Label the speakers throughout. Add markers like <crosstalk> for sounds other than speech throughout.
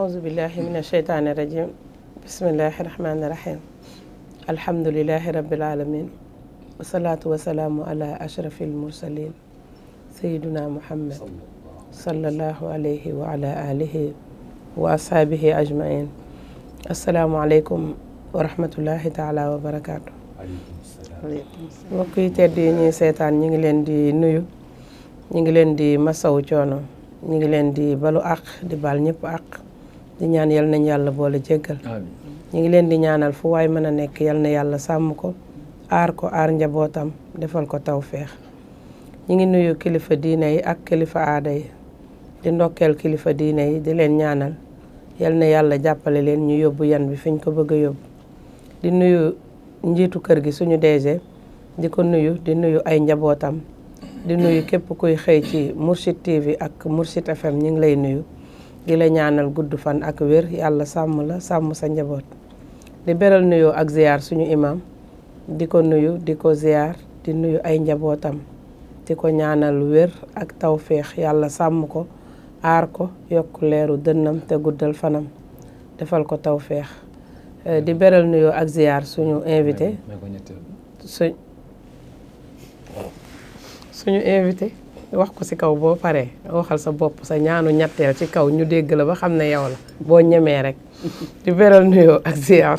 Speaker 1: aousubillahi min asheytaani rajim bismillahi rahmaani rahim rabbil alamin wasalaatu wasalaamu ala ashrafil mursalin sayiduna muhammad sallallahu alayhi wa ala wa ashaabihi ajmain asalaamu aleykum wa rahmatullahi wa barakaatu seetaan ñi ngi leen di nuyu ñi ngi leen di masaw coono ñi ngi leen di balu àq di ñaan yal nañ yàlla boole jéggal ñu ngi leen di ñaanal fu waay mën a nekk yal na yàlla sàmm ko aar ko aar njabootam defal ko tawféex ñu ngi nuyu kilifa diine yi ak kilifa aada yi di ndokkeel kilifa diine yi di leen ñaanal yal na yàlla jàppale leen ñu yóbbu yan bi fiñ ko bëgg a yóbbu di nuyu njiitu kër gi suñu DG di ko nuyu di nuyu ay njabootam di nuyu képp kuy xëy ci Mourchid TV ak Mourchid FM ñu ngi lay nuyu di la ñaanal gudd fan ak wér yàlla sàmm la sàmm sa njaboot di beral nuyoo ak ziar suñu imaam di ko nuyu di ko ziar di nuyu ay njabootam di ko ñaanal wér ak tawféex yàlla sàmm ko aar ko yokk leeru dënnam te guddal fanam defal ko tawféex eh, di beral nuyoo ak ziar suñu invité suñu invité wax ko ci kaw boo paree waxal sa bopp sa ñaanu ñetteel ci kaw ñu dégg la ba xam ne yow la boo ñemee rek <laughs> di beral nuyoo ak ziar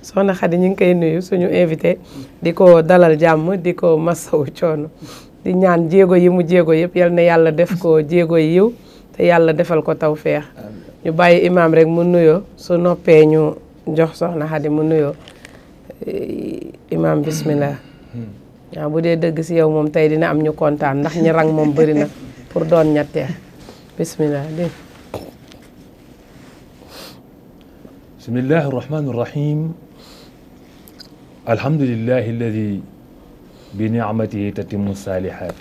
Speaker 1: soxna Xadi ñu ngi koy nuyu suñu invité di ko dalal jàmm di ko masawu coono di ñaan jéego yi mu jéego yëpp yal na yàlla def ko <laughs> jéego yiw te yàlla defal ko taw feex ñu bàyyi imaam rek mu nuyoo su noppee ñu jox soxna Xadi mu nuyoo imaam bismillah hmm. waaw bu dee dëgg si yow moom tey dina am ñu kontaan ndax ñi rang moom bëri na pour doon ñetteel bismillah dé
Speaker 2: bismillahi irrahmani irrahim alhamdulilahi alladi bi nicmatihi tatimu saalihat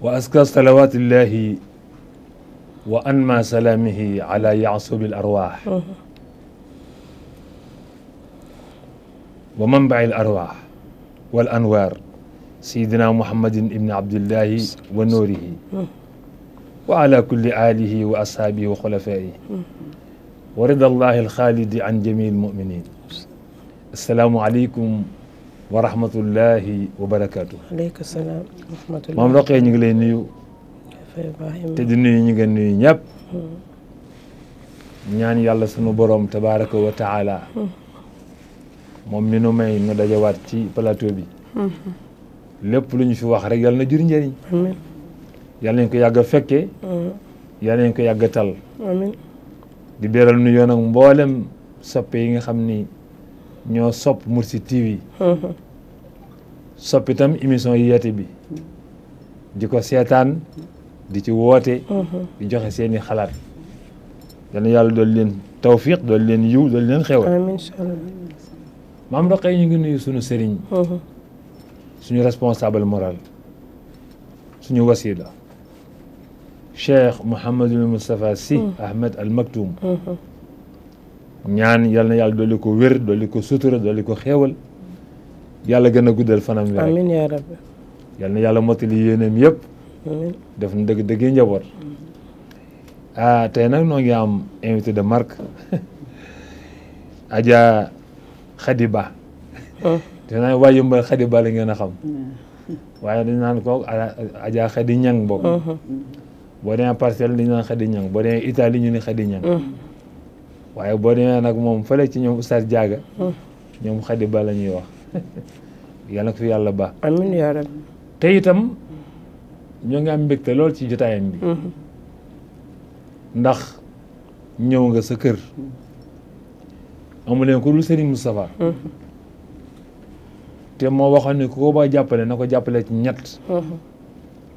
Speaker 2: wa aska salawatillahi ala yaasubi alarwax mm-hmm. wa manbai wal anwaar sayidina muhammadin ibni abdillahi wa nourihi wa ala kulli alihi wa ashaabihi wa xulafaayi wa rida allahi alxaalidi an jamii almuminin asalaamu aleykum wa rahmatullahi wa barakaatu
Speaker 1: aleykum salaam wa rahmatullah moom roqee
Speaker 2: ñu ngi lay nuyu te di nuyu ñu nga nuyu ñëpp
Speaker 3: hmm.
Speaker 2: ñaan yàlla sunu boroom tabaraka wa taala hmm. moom mi nu may nu dajawaat ci plateau bi
Speaker 3: mm-hmm.
Speaker 2: lépp lu ñu fi wax rek yàlla na jur njëriñ yàlla nañ ko yàgg fekke fekkee mm-hmm. yàlla nañ ko yàgg a tal di beral nu yoon ak mboolem soppe yi nga xam ni ñoo sopp Mursi TV mm-hmm. sopp itam émission yeete bi di ko seetaan di ci woote di joxe seeni xalaat yal yàlla doon leen tawfiq doon leen yiw doon leen xewal maam Roqe ñu ngi nuyu suñu sëriñ. Mm-hmm. suñu responsable moral suñu wasila Cheikh Mouhamadul Moustapha Sy mm-hmm. Ahmed Al Maktoum mm-hmm. ñaan yal na yàlla dolli ko wér dolli ko sutura dolli ko xéewal yàlla gën a guddal fanam wi
Speaker 1: yal
Speaker 2: na yàlla mottali yéeneem yëpp def na dëgg dëgg njaboot ah tey nag am invité de mark <laughs> Adja xadi ba ah. dinaa waa yëmbal xadi ba la ngeen a ah. waaye dañ naan ko ajaa xadi ñang bokk ah. boo demee parcelle dañ naan xadi ñang boo demee Italie waaye boo demee nag moom fële ci ñoom Oustaz Diaga ñoom xadi ba la ñuy wax yàlla ko fi yàlla ba amiin yaa rab te itam ñoo lool ci jotaayam bi mm-hmm. ndax ñëw nga sa kër mm-hmm. amu leen ko dul mm-hmm. te moo waxoon ne ko ba jàppale na ko jàppale ci ñett mm-hmm.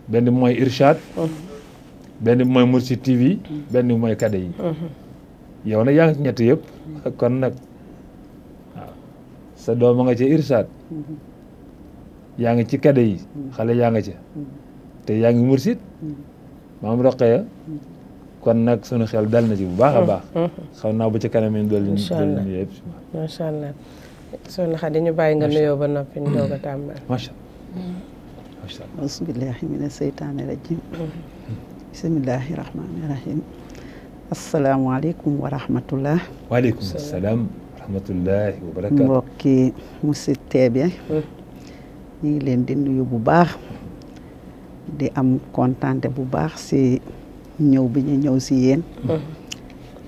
Speaker 2: benn bi mooy Irshad mm-hmm. benn bi mooy TV benn bi mooy kade yi yaa ngi ci ñett yëpp kon nag doom nga ca Irshad yaa ngi ci kade yi xale yaa nga ca te yaa ngi Mourchid maam Roqeya kon nag sunu xel dal na ci bu baax a mm-hmm. baax. xam naa bu ci kanam yi dool ñu dool ñu yëpp.
Speaker 1: macha allah soxna Xadi ñu bàyyi nga nuyoo ba noppi
Speaker 4: ñu
Speaker 5: doog a mm-hmm.
Speaker 3: tàmbali.
Speaker 2: macha
Speaker 5: allah. bismillahi mina seytaani rajim. Mm-hmm. bismillahi rahmaani rahim. asalaamaaleykum wa rahmatullah.
Speaker 2: waaleykum salaam wa rahmatullah wa barakaatu.
Speaker 5: mbokki musidtee bi. ñu ngi leen di nuyu bu baax. di am kontaante bu baax si. ñëw bi ñu ñëw si yéen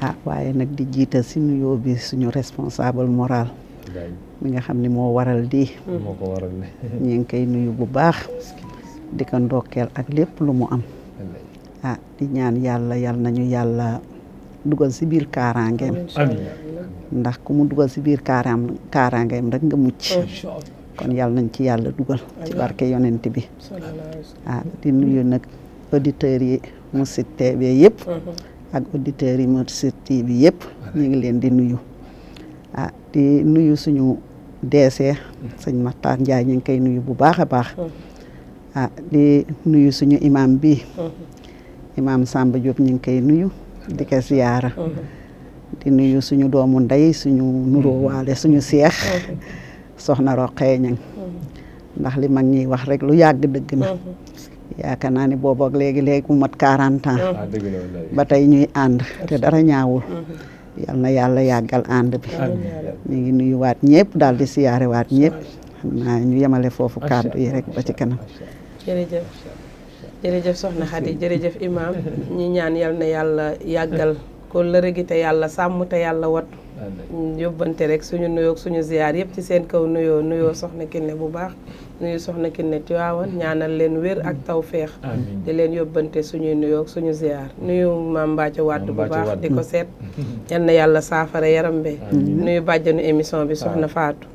Speaker 5: ah waaye nag di jiital si nuyoo bi suñu responsable moral mi nga xam ni moo waral di
Speaker 2: moo ko <laughs> ngi
Speaker 5: koy nuyu bu baax di ko ndokkeel ak lépp lu mu am ah di ñaan yàlla yal nañu yàlla dugal si biir kaaraangeem ndax ku mu dugal si biir kaaraam kaaraangeem rek nga mucc kon yàlla nañ ci yàlla dugal ci barke yonent bi ah di nuyu nag auditeurs Mourchid TV yëpp. Mm-hmm. ak auditeurs yi Mourchid TV yëpp. ñu ngi leen di nuyu. ah di nuyu suñu DG. sëñ Makhtar Ndiaye ñu ngi koy nuyu bu baax a baax. Mm-hmm. ah di nuyu suñu imam bi mm-hmm. imam Samba Diop ñu ngi koy nuyu. di ko ziyaara. di nuyu suñu doomu ndey suñu nuroo waale suñu seex. soxna Roqee Ñaŋ ndax li mag ñiy wax rek lu yàgg dëgg na. yaakaar naa ne boobu ak léegi léegi mu mat 40 ah, ba tey ñuy ànd te dara ñaawul. Mm-hmm. yal na yàlla yàggal ànd bi. ñu ngi nuyuwaat ñëpp daal di siyaare waat ñëpp naa ñu yemale foofu kàddu yi rek ba ci kanam.
Speaker 1: jërëjëf jërëjëf soxna Khady jërëjëf imam <laughs> ñi ñaan yal na yàlla yàggal ko lëre te yàlla sàmm te yàlla wat yóbbante rek suñu nuyoo suñu ziyaar yëpp ci seen kaw nuyoo nuyoo soxna Kiné bu baax nuyu soxna Kiné Tiwaawan mm-hmm. ñaanal leen wér ak mm-hmm. tawféex di leen yóbbante suñuy nuyoog suñu ziar mm-hmm. nuyu maam Mbacke Wade bu baax di ko seet yal na yàlla saafara yaram bi nuyu bàjjanu émission bi soxna Faatu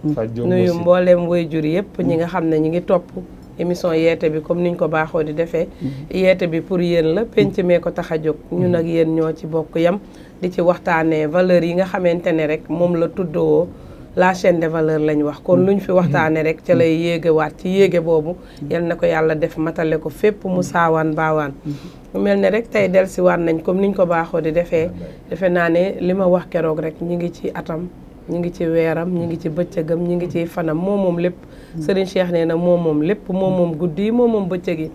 Speaker 1: nuyu mbooleem waajur yëpp ñi nga xam ne ñi ngi topp émission yeete bi comme niñ ko baaxoo di defee yeete bi pour yéen la penc mee ko tax a jóg ñun ak yéen ñoo ci bokk yam di ci waxtaanee valeur yi nga xamante ne rek moom la tuddoo la chaine de valeur lañ wax kon ñu fi waxtaane rek ca lay waat ci yéege boobu yal na ko yàlla def matale ko fépp mu saawaan baawaan mel ne rek tey delsiwaat nañ comme ni ñu ko baaxoo di defee defe naa ne li ma wax keroog rek ñu ngi ci atam ñi ngi ci weeram ñi ngi ci bëccëgam ñi ngi ci fanam moo moom lépp Serigne Cheikh nee na moo moom lépp moo moom guddi yi moo moom bëccëg yi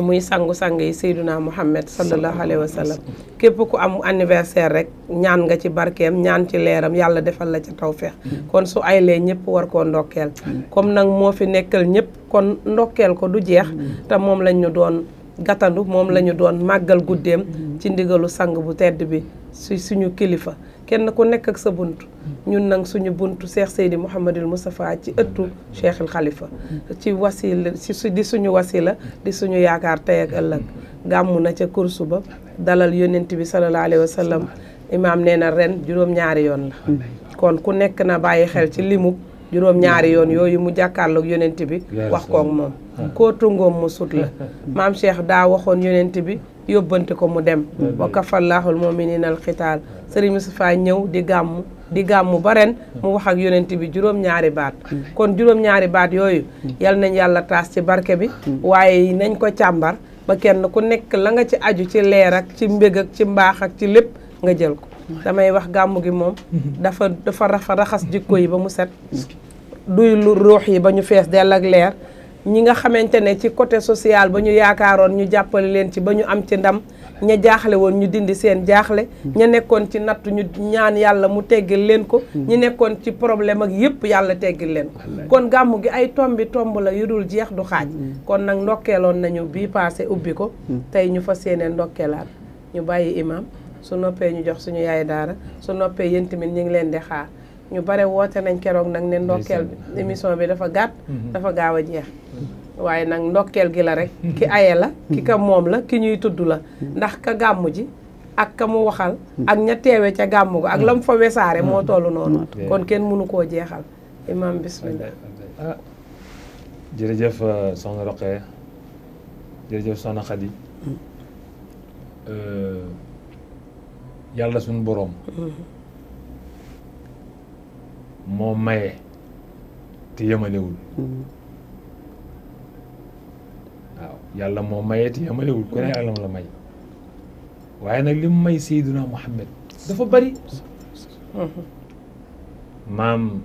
Speaker 1: muy sangu-sang yi Seyduna Muhammad sallallahu alayhi wa képp ku am anniversaire rek ñaan nga ci barkeem ñaan ci leeram yàlla defal la ca tawféex mm-hmm. kon su aylee lee ñëpp war ko ndokkeel mm-hmm. comme nag moo fi nekkal ñëpp kon ndokkeel ko du jeex mm-hmm. te moom lañ ñu doon gàttandu moom la ñu doon màggal guddeem ci ndigalu sang bu tedd bi su suñu kilifa kenn ku nekk ak sa bunt ñun nag suñu bunt Cheikh Seydi Mouhamadul Moustapha ci ëttu Cheikh El Khalifa ci wasila ci di suñu wasila di suñu yaakaar tey ak ëllëg gàmmu na ca kursu ba dalal yonent bi sallallahu alayhi wa sallam imaam nee na ren juróom-ñaari yoon la kon ku nekk na bàyyi xel ci limub juróom-ñaari yoon yooyu mu jàkkaarloog yonent bi wax koog moom koo tungoom mu sut la maam Cheikh daa waxoon yonent bi yóbbante ko mu dem wa kafallahul muminina al xitaal sëriñ faa ñëw di gàmm di gàmmu ba ren mu wax ak yonent bi juróom-ñaari baat mm. kon juróom-ñaari baat yooyu mm. yal nañ yàlla taas ci barke bi mm. waaye nañ ko càmbar ba kenn ku nekk la nga ci aju ci leer ak ci mbég ak ci mbaax ak ci lépp nga jël ko damay wax gàmm gi moom mm-hmm. dafa dafa rafa raxas jikko yi ba mu set duy lu ruux yi ba ñu fees dell ak leer ñi nga xamante ne ci côté social ba ñu yaakaaroon ñu jàppale leen ci ba ñu am ci ndam ña jaaxle woon ñu dindi seen jaaxle ña nekkoon ci nattu ñu ñaan yàlla mu teggil leen ko ñi nekkoon ci problème ak yëpp yàlla teggil leen ko kon gàmmu gi ay tombi tomb la yu dul jeex du xaaj mm-hmm. kon nag ndokkeeloon nañu bii passé ubbi ko mm-hmm. tey ñu fa yéene ndokkeelaat ñu bàyyi imam su noppee ñu jox suñu yaay daara su noppee yéen tamit ñu ngi leen di xaar ñu bare woote nañ keroog nag ne ndokkeel bi émission bi dafa gàtt mhm. dafa gaaw a jeex mhm. waaye nag ndokkeel gi la rek ki mhm. aye la ki ka moom la ki ñuy tudd la ndax ka gàmm ji ak ka mu waxal ak ña teewe ca gàmm ko ak lam fa wesaare moo tollu noonu kon kenn mënu koo jeexal imaam bismillah ah.
Speaker 2: euh, jërëjëf soxna Roqee jërëjëf soxna Xadi yàlla suñu boroom moo maye te yemalewul hmm. waaw yàlla moo maye te yemalewul ku ne hmm. yàlla la may waaye nag li may Seydina Muhammad dafa bari hmm. maam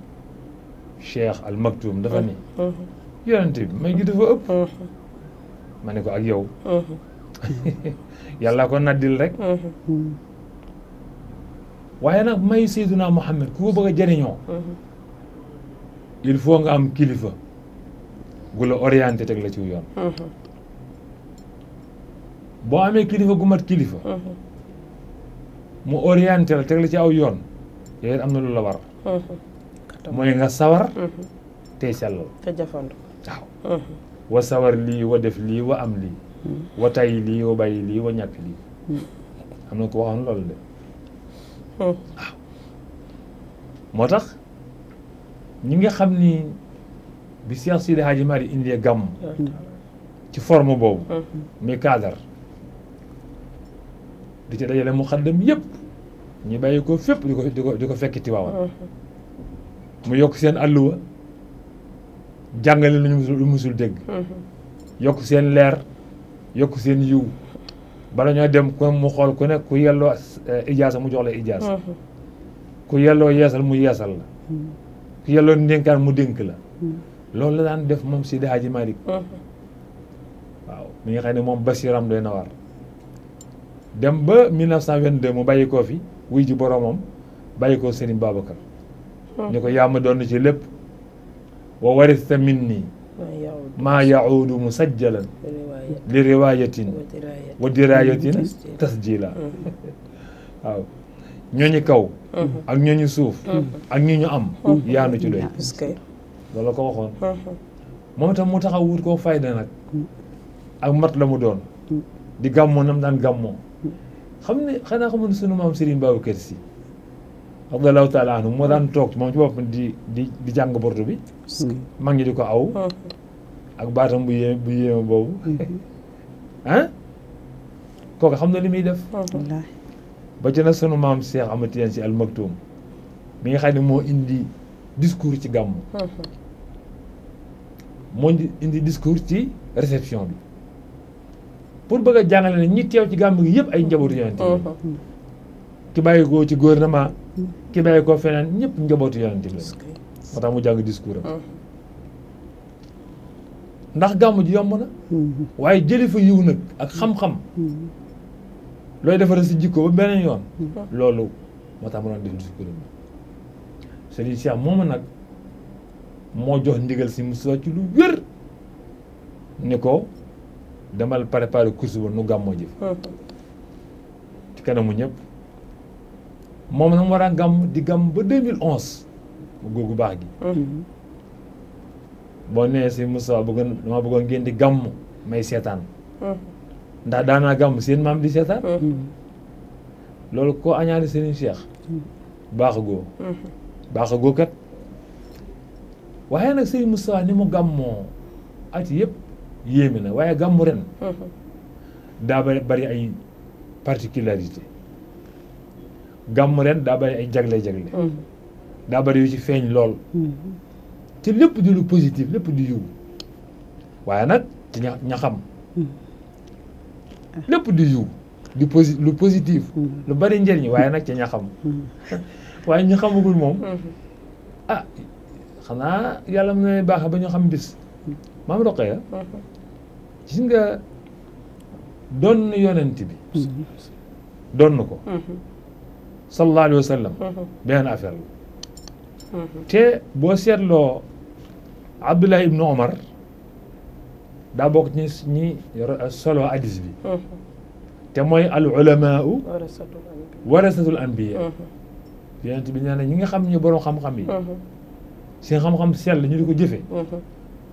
Speaker 2: Cheikh Al Maktoum dafa ni
Speaker 3: yonent bi may gi dafa ëpp
Speaker 2: ma ne ko ak yow <laughs> yàlla ko naddil rek waaye nag may Seydina Muhammad ku ko bëgg a jëriñoo mhm. il faut nga am kilifa gu la orienté teg la ci yoon mhm. boo amee kilifa gu mat kilifa mhm. mu orienté la teg la ci aw yoon yooyu am na lu la war mooy nga sawar tey sellal te jafandu waaw wa sawar lii wa def lii wa am lii wa tay lii wa bàyyi lii wa ñàkk lii am na ko waxoon loolu de moo tax ñi ngi xam ni bi Cheikh Sidi Hadji Mari indee gàmm ci forme boobu muy cadre di ci dajale mu xaddam yépp ñu bàyyi ko fépp di ko di ko fekki Tiwaawan mu yokk seen àlluwa jàngale nañu musul dégg yokk seen leer yokk seen yiw bala ñoo dem ku mu xool ku ne ku yelloo eh, ijaasa mu jox la ijaasa mm-hmm. ku yelloo yeesal mu yeesal la
Speaker 3: mm-hmm.
Speaker 2: ku yelloo ndénkaan mu dénk la mm-hmm. loolu la daan def moom Seydi Hadji Malick waaw mi nga xam ne moom basiram doy na war dem ba 1922 mu bàyyi koo fi wuy ji boroomam bàyyi koo Serigne Babacar ñu ko yaa ma doon ci lépp wa warista min nii maa yahuudu musajjalan li riwaayatin wa diraayatin tasjila mm-hmm. waaw ñooñu kaw mm-hmm. ak ñooñu suuf mm-hmm. ak ñi ñu am yaanu ci doy loolu la ko waxoon moom itam mu taxaw wut koo fayda nag ak mat la mu doon di gàmmoo nam daan gàmmoo xam ne xanaa xam ne sunu maam Serigne Babacar Sy radiyallahu taala anhu moo daan toog moom ci boppam di di di jàng bordu bi mag ñi di ko aw ak baatam bu yé bu yéeme boobu ah kooku xam na li muy def ba ci nag sunu maam Cheikh Ahmed Tidiane Sy Al Maktoum mi ngi xam ne moo indi discours ci gàmm
Speaker 3: mm-hmm.
Speaker 2: moo indi discours ci réception bi pour bëgg a jàngale ne ñi teew ci gàmm gi yëpp ay njabootu yonente bi mm-hmm. ki bàyyi ko ci gouvernement ki bàyyi ko feneen ñëpp njabootu yonente bi la moo tax mu jàng discours am ndax gàmmu ji yomb na. Mm-hmm. waaye jëli fa yiw nag ak mm-hmm. xam-xam. Mm-hmm. looy defaree si jikko ba beneen yoon. loolu moo tax ma doon déglu si kuréel Serigne Cheikh moom nag moo jox ndigal si Moussa ci lu wér ni ko demal préparer course ba nu gàmmoo ji. ci kanamu ñëpp moom nag mu war a di gàmm ba 2011 mu góor gu baax gi. boo nee si Moussa bëggoon dama bëggoon ngeen di gàmm may seetaan. ndax daanaa gàmm seen maam di seetaan. loolu koo añaani Serigne Cheikh. baaxagoo. baaxagoo kat waaye nag Serigne Moussa ni mu gàmmoo at yëpp yéeme na waaye gàmmu ren. daa bari bari ay particularité gàmmu ren daa bari ay jagle jagle. Mm-hmm. daa bari yu ci feeñ lool. Mm-hmm. ci lépp di lu positif lépp di yiw waaye nag ci ña hmm. lépp di yiw di lu positif hmm. lu bari njëriñ waaye nag ci ña hmm. <laughs> waaye ñu xamagul moom ah xanaa yàlla mu ne baax ba ñu xam bis maam roqo ya gis nga doon yonent bi doon ko sallallahu alayhi wa sallam benn la te boo seetloo abdullah ibnu omar daa bokk ñi solo hadis bi mm-hmm. te mooy al ulamaau warasatul anbiya mm-hmm. yonent bi nee na ñi nga xam ñi borom xam-xam yi mm-hmm. seen xam-xam sell ñu di ko jëfe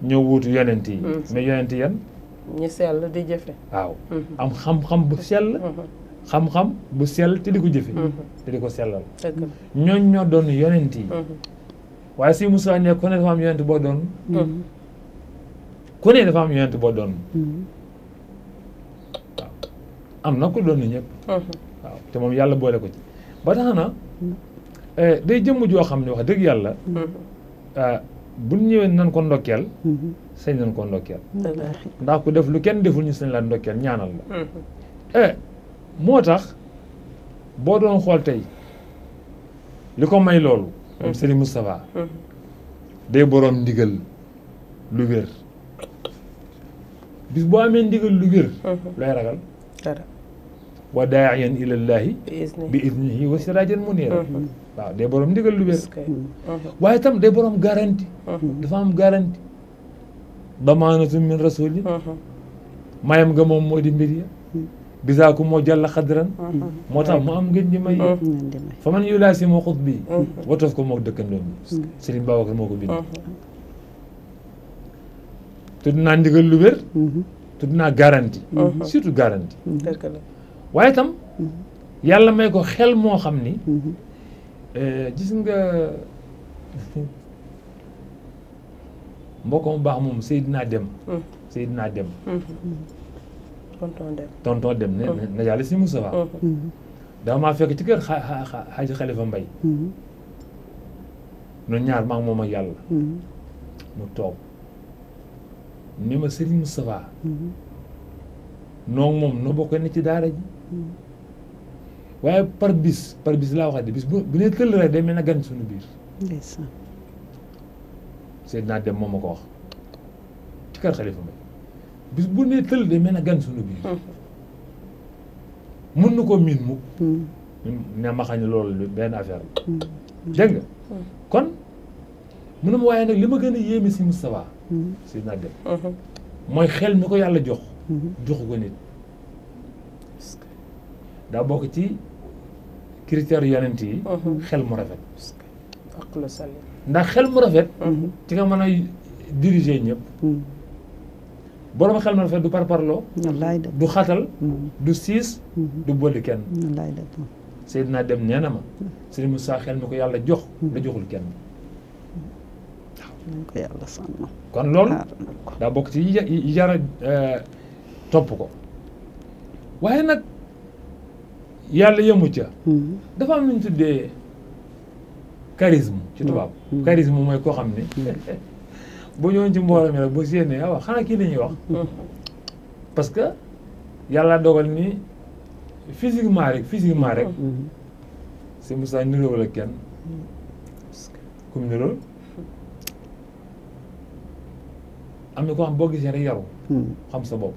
Speaker 2: ñoo wuutu yonent yi mais yonent yan
Speaker 1: ñi sell di jëfe
Speaker 2: waaw am xam-xam bu sell xam-xam bu sell te di ko jëfe te di ko sellal ñooñ doon yonent yi waaye sëñ Moussa ne ku mm. mm. ne boo doon ku ne dafa am yonent boo doon am na ko doon ñëpp mm-hmm. waaw te moom yàlla boole ko ci ba tax na mm. eh, day jëmm joo xam ne wax dëgg yàlla mm-hmm. ah, bu ñëwee nan ko ndokkeel mm-hmm. sañ nan ko ndokkeel ndax ku def lu kenn deful ñu sañ la ndokkeel ñaanal
Speaker 3: la
Speaker 2: eh, moo tax boo doon xool tey li ko may loolu sëriñ Moustapha day boroom ndigal lu wér bis boo amee ndigal lu wér looy ragal wa daa'iyan ilallaahi bi idnihi wa siraajan muniira mhm. waaw day boroom ndigal lu wér mhm. waaye itam day boroom garanti mhm. dafa am garanti damaanatum min rasulillah mayam nga moom moo di mbir ya bisaaku moo jàll xadran mm-hmm. moo tax mu am ngeen di may mm-hmm. fa man yu laa si moo xut bi watos ko moo dëkkandoom mm-hmm. bi Serigne Babacar moo ko bind tudd naa ndigal lu wér tudd naa garantie surtout garantie waaye tam yàlla may ko xel moo xam ni eh, gis nga <laughs> mbokk mu baax moom Seydina Dem Seydina Dem tonton Deme tonton Deme ne mm-hmm. na yàlla si Moustapha mm-hmm. mm-hmm. dama maa fekk ci kër xaaji Xalifa Mbay noonu ñaar maa moom ak yàlla mu toog ni ma Serigne Moustapha noonu moom noo bokk ne ci daara waaye par bis par bis laa waxati bis bu bu nee këll rek day mel na gan sunu biir ndeysaan naa dem moom ma ko wax ci kër Xalifa Mbay bis bu ne tël de mel na gan suñu biir mun hmm. na koo miin mukk hmm. ne ma xañ loolu benn affaire la hmm. dégg kon mu ne ma waaye nag li ma gën a yéeme si Moustapha si na mooy xel mi ko yàlla jox joxu ko nit daa bokk ci critères yonent yi xel mu rafet ndax xel mu rafet ci nga mën a diriger ñëpp borom xel ma rafet du parparloo. wallaay du xatal. Mm. du siis. Mm-hmm. du bëri kenn. wallaay dëgg dem nee na ma. Serigne Moussa xel mi ko yàlla jox. la mm-hmm. joxul kenn. ko yàlla kon loolu daa bokk ci yi jar eh, topp ko waaye nag yàlla yemu ca. Mm-hmm. dafa am lu ñu tuddee charisme. ci tubaab charisme mooy koo xam ne. bu ñëwoon ci mbooloo mi rek boo séenee ah waaw xanaa kii la ñuy wax. Mm. parce que yàlla dogal ni physiquement rek physiquement rek. Mm. Mm-hmm. si Moussa niroo la kenn. comme niroo am na ko xam boo gisee rek yaru mm. xam sa bopp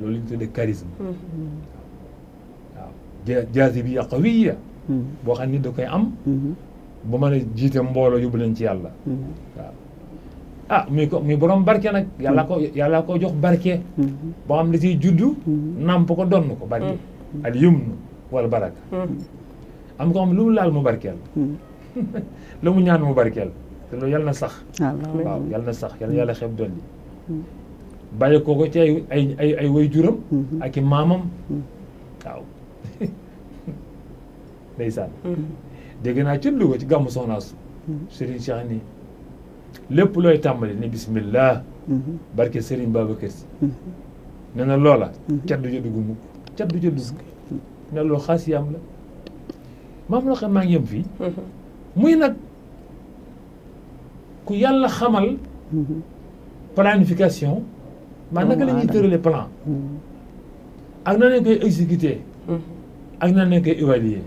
Speaker 2: loolu ñu tuddee charisme.
Speaker 3: waaw
Speaker 2: jaasi bi qawiya boo xam ni da koy am. Mm-hmm. ba mën a mbooloo yóbbu leen ci yàlla. waaw mm-hmm. ah muy ko muy borom barke nag. yàlla ko mm-hmm. yàlla ko jox barke. boo xam ne ciy juddu. Mm-hmm. nàmp ko donn ko barke. al yumnu wal baraka. am ko xam lu mu laal mu barkeel.
Speaker 3: <laughs>
Speaker 2: lu mu ñaan mu barkeel te loolu yàlla na sax. waaw yàlla sax yàlla yàlla xeeb dolli. bàyyi ko ko ci ay ay ay ak i maamam. waaw <laughs> ndeysaan. dégg naa ci Louga ci gàmmu soxnaas mm-hmm. Serigne Cheikh nii lépp looy tàmbali ni bismillah mm-hmm. barke Serigne Babacar Sy mm-hmm. ne na loola cat du ca dugg mukk cat dugg ne loolu xaas yaam la maam la xam maa ngi yem fii muy nag ku yàlla xamal planification maa naka na koy exécuter ak na lañ koy évaluer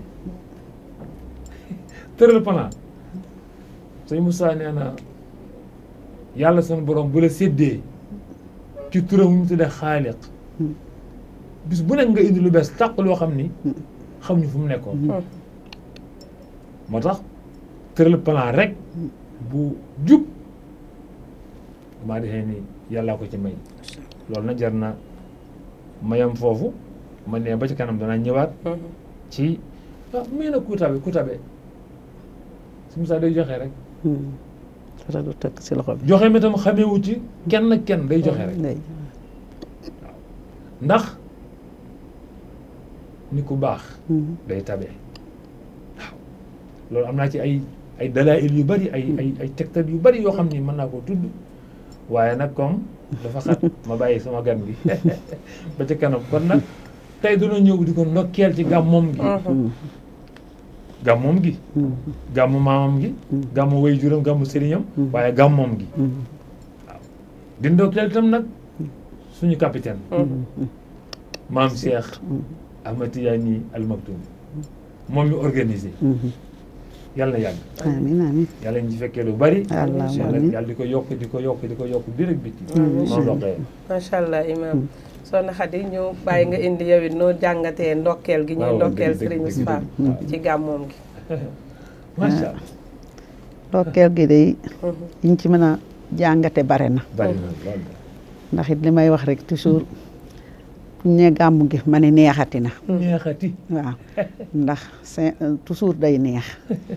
Speaker 2: tëral plan sëñ Moussa nee na yàlla sunu boroom bu la séddee ci turam mu tuddee xaaliq bis bu nekk nga indi lu bees tàq loo xam ni xamuñu fu mu nekkoon moo tax tëral plan rek bu jub maa defee ni yàllaa ko ci may loolu na jar na mayam foofu ma nee ba ci kanam danaa ñëwaat mhm. ci ah mais nag kuutabe kuutabe si Moussa day joxe rek.
Speaker 5: Hmm. dara du teg si
Speaker 1: loxo
Speaker 2: bi. joxe mi tam xameewu ci kenn kenn day joxe rek. waaw ndax ni ku baax. Hmm. day tabe loolu am naa ci ay ay dalaayil yu bari ay hmm. ay ay tegtal yu bari yoo xam ni mën naa koo tudd waaye nag comme dafa xat ma bàyyi sama gan bi <laughs> ba ci kanam kon nag tey dina ñëw di ko ndokkeel ci gàmmoom gi. Mm-hmm. gàmmoom gi hmm. gàmmu maamam gi hmm. gàmmu way juram gàmmu sëriñam hmm. waaye gàmmoom gi waaw di ndokkeel itam nag suñu capitaine maam Cheikh Ahmad Tidiane Al Maktoum moom mi organisé yàlla na yàgg amiin amiin yàlla ñu ci fekkee lu bari yàlla di ko yokk di ko yokk di ko yokk biir ak bitti maam loxo
Speaker 1: macha allah imam soxna Khady ñu bàyyi nga indi yow noo jàngatee ndokkeel gi ñuy ndokkeel Serigne Moustapha ci gàmmoom
Speaker 3: gi <laughs> macha
Speaker 5: allah ah. gi de mhm. yiñ ci mën a jàngate bare na ndax li may wax rek toujours ne gàmm gi ma neexati na mhm. neexati waaw <laughs> ndax euh, toujours day neex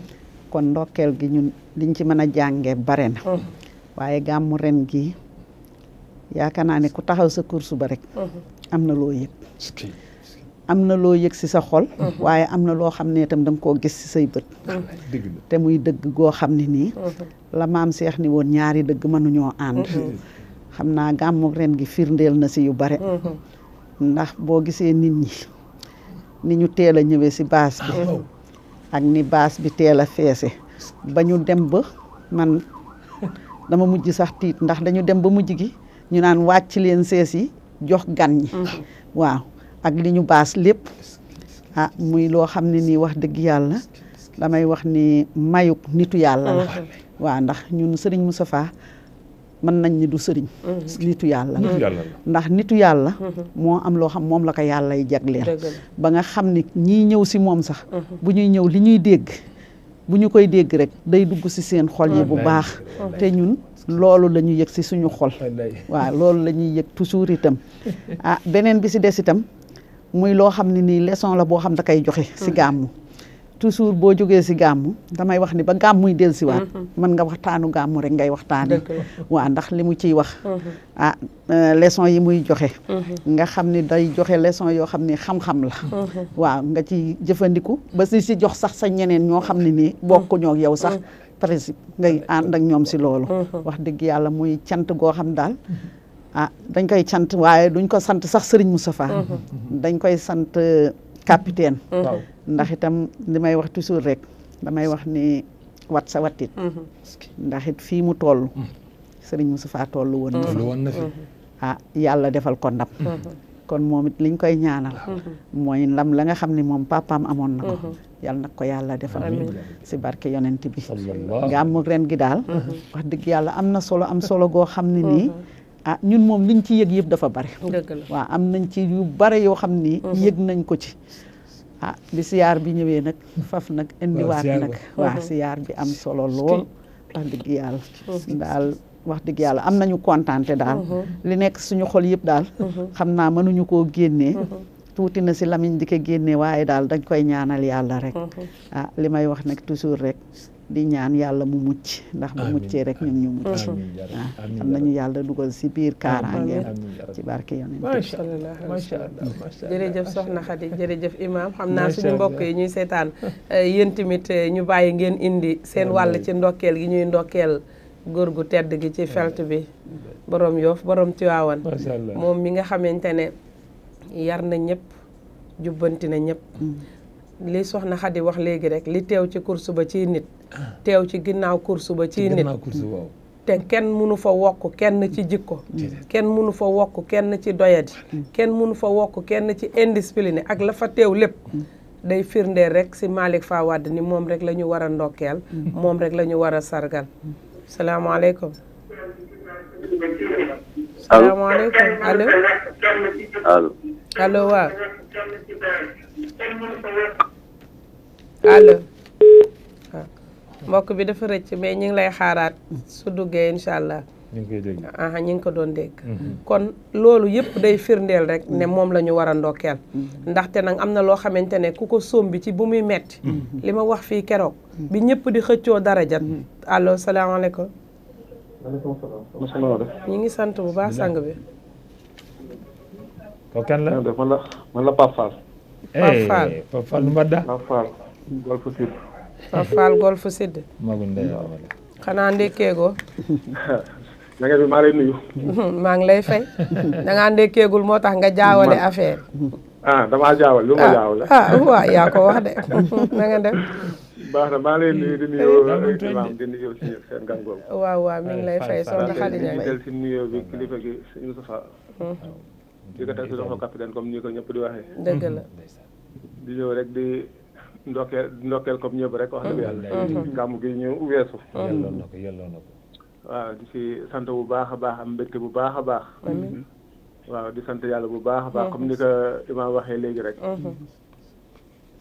Speaker 5: <laughs> kon ndokkeel gi ñun liñ ci mën a jànge bare na mhm. waaye gàmmu ren gi yaakaar naa ne ku taxal sa course ba rek. Mhm. am na loo yëg. na loo yëg si sa xol. Mhm. waaye am na loo xam ne tam da nga koo gis si say bët.
Speaker 3: Mhm.
Speaker 5: te muy dëgg goo xam ne nii. la maam seex ni woon ñaari dëgg mënuñoo ànd. xam naa gàmmu ren gi firndeel na si yu bare. ndax boo gisee nit ñi ni ñu teel a ñëwee si baas bi. ak ni baas bi teel a feese. ba ñu dem ba man dama mujj sax tiit ndax dañu dem ba mujj gi. ñu naan wàcc leen sees yi jox gan ñi mm-hmm. waaw ak li ñu baas lépp ah muy loo xam ne nii wax dëgg yàlla damay wax ni mayuk nitu yàlla la mm-hmm. waaw ndax ñun sëriñ Moustapha mën nañ ni du sëriñ mm-hmm. nitu yàlla la ndax nitu yàlla moo am loo xam moom la ko yàlla y jagleel ba nga xam ni ñii ñëw si moom sax bu ñuy ñëw li ñuy dégg bu ñu koy dégg rek day dugg si seen xol yi bu baax te ñun loolu la ñuy yëg si suñu xol waaw loolu la ñuy yëg toujours itam <laughs> ah beneen bi si des itam muy loo xam ne nii leçon la boo xam da koy joxe si mm. gàmmu toujours boo jógee si gàmmu damay wax ni ba gàmmuy del siwaat mm-hmm. mën nga waxtaanu gàmmu rek ngay waxtaani waaw ndax li mu ciy wax mm-hmm. ah euh, leçon yi muy joxe mm-hmm. nga xam ni day joxe leçon yoo xam ni xam-xam la waaw nga ci jëfandiku ba si si jox sax sa ñeneen ñoo xam ne nii bokkuñoo ak yow sax principe ngay ànd ak ñoom si loolu mm-hmm. wax dëgg yàlla muy cant goo xam daal ah dañ koy cant waaye duñ ko sant sax Serigne Moustapha mm-hmm. dañ koy sant euh, capitaine mm-hmm. ndax itam li may wax toujours rek damay wax ni wat sa watit ndaxit fii mu toll Serigne Moustapha toll woon na ah yàlla defal ko ndam kon moom it li liñ koy ñaanal
Speaker 3: mhm.
Speaker 5: mooy ndam la nga xam ni moom papaam amoon na ko mhm. yal na ko yàlla defal si barke yonent bi nga am ren gi daal mhm. wax dëgg yàlla am na solo am solo goo xam ne nii ah ñun moom liñ ci yëg yëpp dafa bari waaw am nañ ci yu bare yoo xam ni yëg nañ ko ci ah bi siyaar bi ñëwee nag faf nag indiwaat nag waa siyaar bi am solo lool wax dëgg yàlla daal wax dëgg yàlla am nañu kontaante daal. Uh-huh. li nekk suñu xol yëpp daal. Uh-huh. xam naa mënuñu koo génnee. Uh-huh. tuuti na si lamiñ di ko génnee waaye daal dañ koy ñaanal yàlla rek. ah li may wax nag toujours rek. di ñaan yàlla mu mucc ndax bu muccee rek ñun ñu mucc waaw ah, am nañu yàlla dugal si biir kaaraange ci barke yonent
Speaker 1: soxna Khady jërëjëf imam xam naa suñu mbokk yi ñuy seetaan eh, yéen tamit eh, ñu bàyyi ngeen indi seen wàll ci ndokkeel gi ñuy ndokkeel góor gu tedd gi ci felt bi borom yoof borom Tiwaawan moom mi nga xamante ne yar na ñëpp jubbanti na ñëpp mm. li soxna Xadi wax léegi rek li teew ci course ba ciy nit teew ci ginnaaw course ba ciy nit te kenn mënu fa wokk kenn ci jikko kenn mënu fa wokk kenn ci doyadi mm. kenn mënu fa wokk kenn ci indiscipliné ak la fa teew lépp mm. day firndeel rek si Malick Fawad ni moom rek la ñu war a ndokkeel moom rek lañu ñu war a sargal salaamaaleykum.
Speaker 6: salaamaaleykum allo. allo.
Speaker 3: allo waaw.
Speaker 1: allo. mbokk bi dafa rëcc mais ñu ngi lay xaaraat su duggee incha allah.
Speaker 2: ñu ngi
Speaker 1: ngi ko doon dégg. Mhm. kon loolu yëpp day firndeel rek ne mhm. moom lañu war a ndokkeel. Mhm. ndaxte nag am na loo xamante ne ku ko sombi ci bu muy metti li ma wax fii keroog. bi ñëpp di xëccoo darajat. allo salaamaaleykum. maaleykum
Speaker 2: salaam. ñu
Speaker 1: ngi sant bu baax sang bi.
Speaker 2: kooku kan la Golf Sud.
Speaker 1: Pape Golf Sud. Magu Ndeye xanaa
Speaker 7: <laughs> na nga fi maa lay nuyu.
Speaker 1: <laughs> maa ngi lay fay. da ngaa ndekkeegul moo tax nga jaawale affaire.
Speaker 7: ah damaa jaawal lu ma ah, jaawal. ah waaw
Speaker 1: yaa ko wax de <laughs> na nga def.
Speaker 7: baax na maa lay nuyu di nuyu eh, imaam di nuyu si seen lay fay soxna Khady safa. Mm-hmm. di ko teg si ka capitaine comme ni ko ñëpp di waxee. dëgg mm-hmm. di ñëw rek di. ndokkeel ndokkeel comme ñëpp rek wax dëgg yàlla. Mm-hmm. gàmm gi ñëw weesu. waaw di si sant bu baax a baax am mbégte bu baax a baax. Mm-hmm. waaw di sant yàlla bu baax a baax. comme ni ko imaam waxee léegi rek. ñu mm-hmm.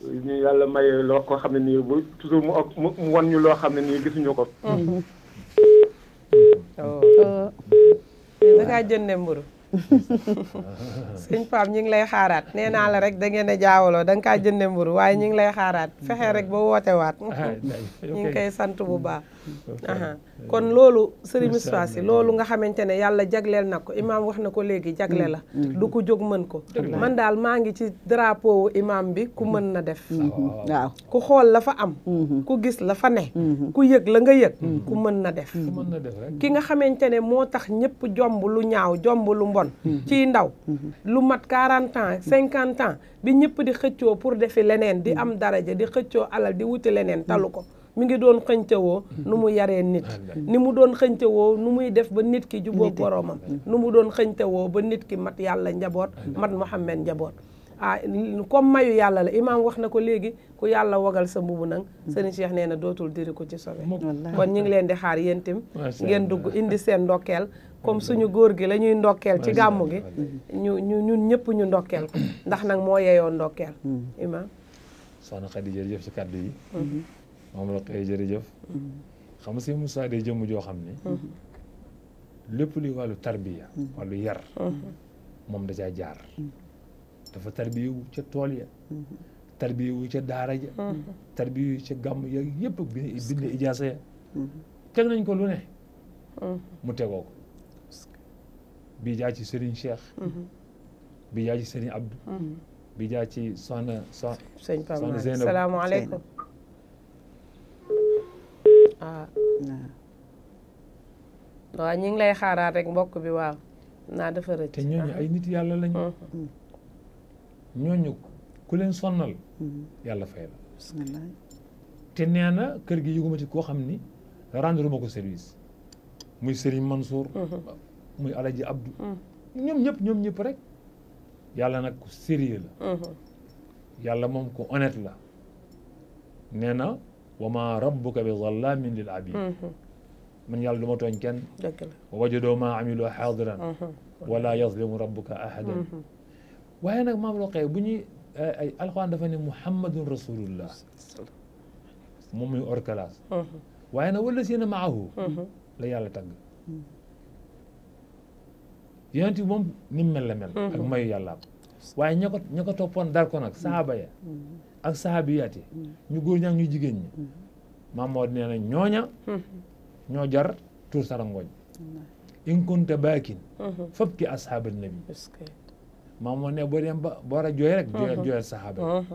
Speaker 7: mm-hmm. yàlla may loo ko xam ne nii bu mu mu won ñu loo xam ne nii gisuñu ko. waaw.
Speaker 3: Oh.
Speaker 1: Oh. jënd ngaa jëndee mburu. <laughs> sëñ Pape ñu ngi lay xaaraat nee naa la rek dangeen ngeen jaawaloo da nga kaa jëndee mburu waaye ñu ngi lay xaaraat fexe rek ba woote waat. <laughs> ñu ngi koy sant bu baax.
Speaker 3: Eh,
Speaker 1: kon loolu sëriñ Moustapha Sy loolu nga xamante ne yàlla jagleel na ko mm. imaam wax na ko léegi jagle la mm. Mm. du ko jóg mën ko man daal maa ngi ci drapeau imaam bi ku mën na def mm-hmm. waaw ku xool la am mm-hmm. ku gis la fa ne mm-hmm. ku yëg la nga yëg ku mën na def ki nga xamante ne moo tax ñëpp jomb lu ñaaw jomb lu mbon ci ndaw lu mat quarante ans cinquante ans bi ñëpp di xëccoo pour defi leneen di am daraja di xëccoo alal di wuti leneen talu ko mi ngi doon xëncewoo nu mu yaree nit ni mu doon xëncewoo nu muy def ba nit ki juboo boroomam nu mu doon xëncewoo ba nit ki mat yàlla njaboot mat Muhammad njaboot ah comme mayu yàlla la imaam wax na ko léegi ku yàlla wogal sa mbubb nag mm. sëriñ Cheikh nee na dootul diri ko ci sobe kon ñu ngi leen di xaar yéen ngeen dugg indi seen ndokkeel comme suñu góor gi la ñuy ndokkeel ci gàmmu gi ñu ñu ñun ñëpp ñu ndokkeel ndax nag moo yeyoo ndokkeel mm. imaam
Speaker 2: soxna Khady yi mm-hmm. moom la koy jërëjëf. Mm-hmm. xam nga si Moussa day jëmm joo xam ni. Mm-hmm. lépp luy wàllu tarbiya. Mm-hmm. wàllu yar. moom da caa jaar. dafa tarbiya wu ca tool ya. tarbiya wu ca daara ja. tarbiya wu ca gàmm ya yëpp bind bind ya. teg nañ ko lu ne. mu tegoo ko. jaa ci Serigne Cheikh. bii jaa ci Serigne Abdou. bii jaa ci soxna soxna. sëñ Pape Malick
Speaker 1: waaw waaw ñu ngi lay xaaraat rek mbokk bi waaw naa dafa te ñooñu ay
Speaker 2: nit yàlla lañu ñooñu ku leen sonnal yàlla fay la te nee na kër gi yëguma koo xam ni rendre ma ko service muy Serigne Mansour muy Alaji Abdou ñoom ñëpp ñoom ñëpp rek yàlla nag ku sérieux la yàlla moom ku honnête la nee wa ma rabbuka bi zallamin lil abid mhm. man yàlla du ma tooñ kenn wa wajadoo ma amilu xaadiran mhm. wala yazlimu rabbuka ahadan mhm. waaye nag maam loqee bu ñuy eh, ay alxuraan dafa ne muhammadun rasulullah moom muy orkalas waaye nag wala seen maahu la yàlla tagg yonent bi moom ni mel la mel ak mayu yàllaam waaye ña ko ña ko toppoon dar ko nag saaba ya ak sahabiyaat yi ñu góor ña ak ñu jigéen ñi mm-hmm. Mamor nee na ñooña mm-hmm. ñoo jar tuur sarangooñ mm-hmm. in kunta baakin fab ki ashaabal nabi Mamor ne boo dem ba boo war a jooy rek jooyal jooyal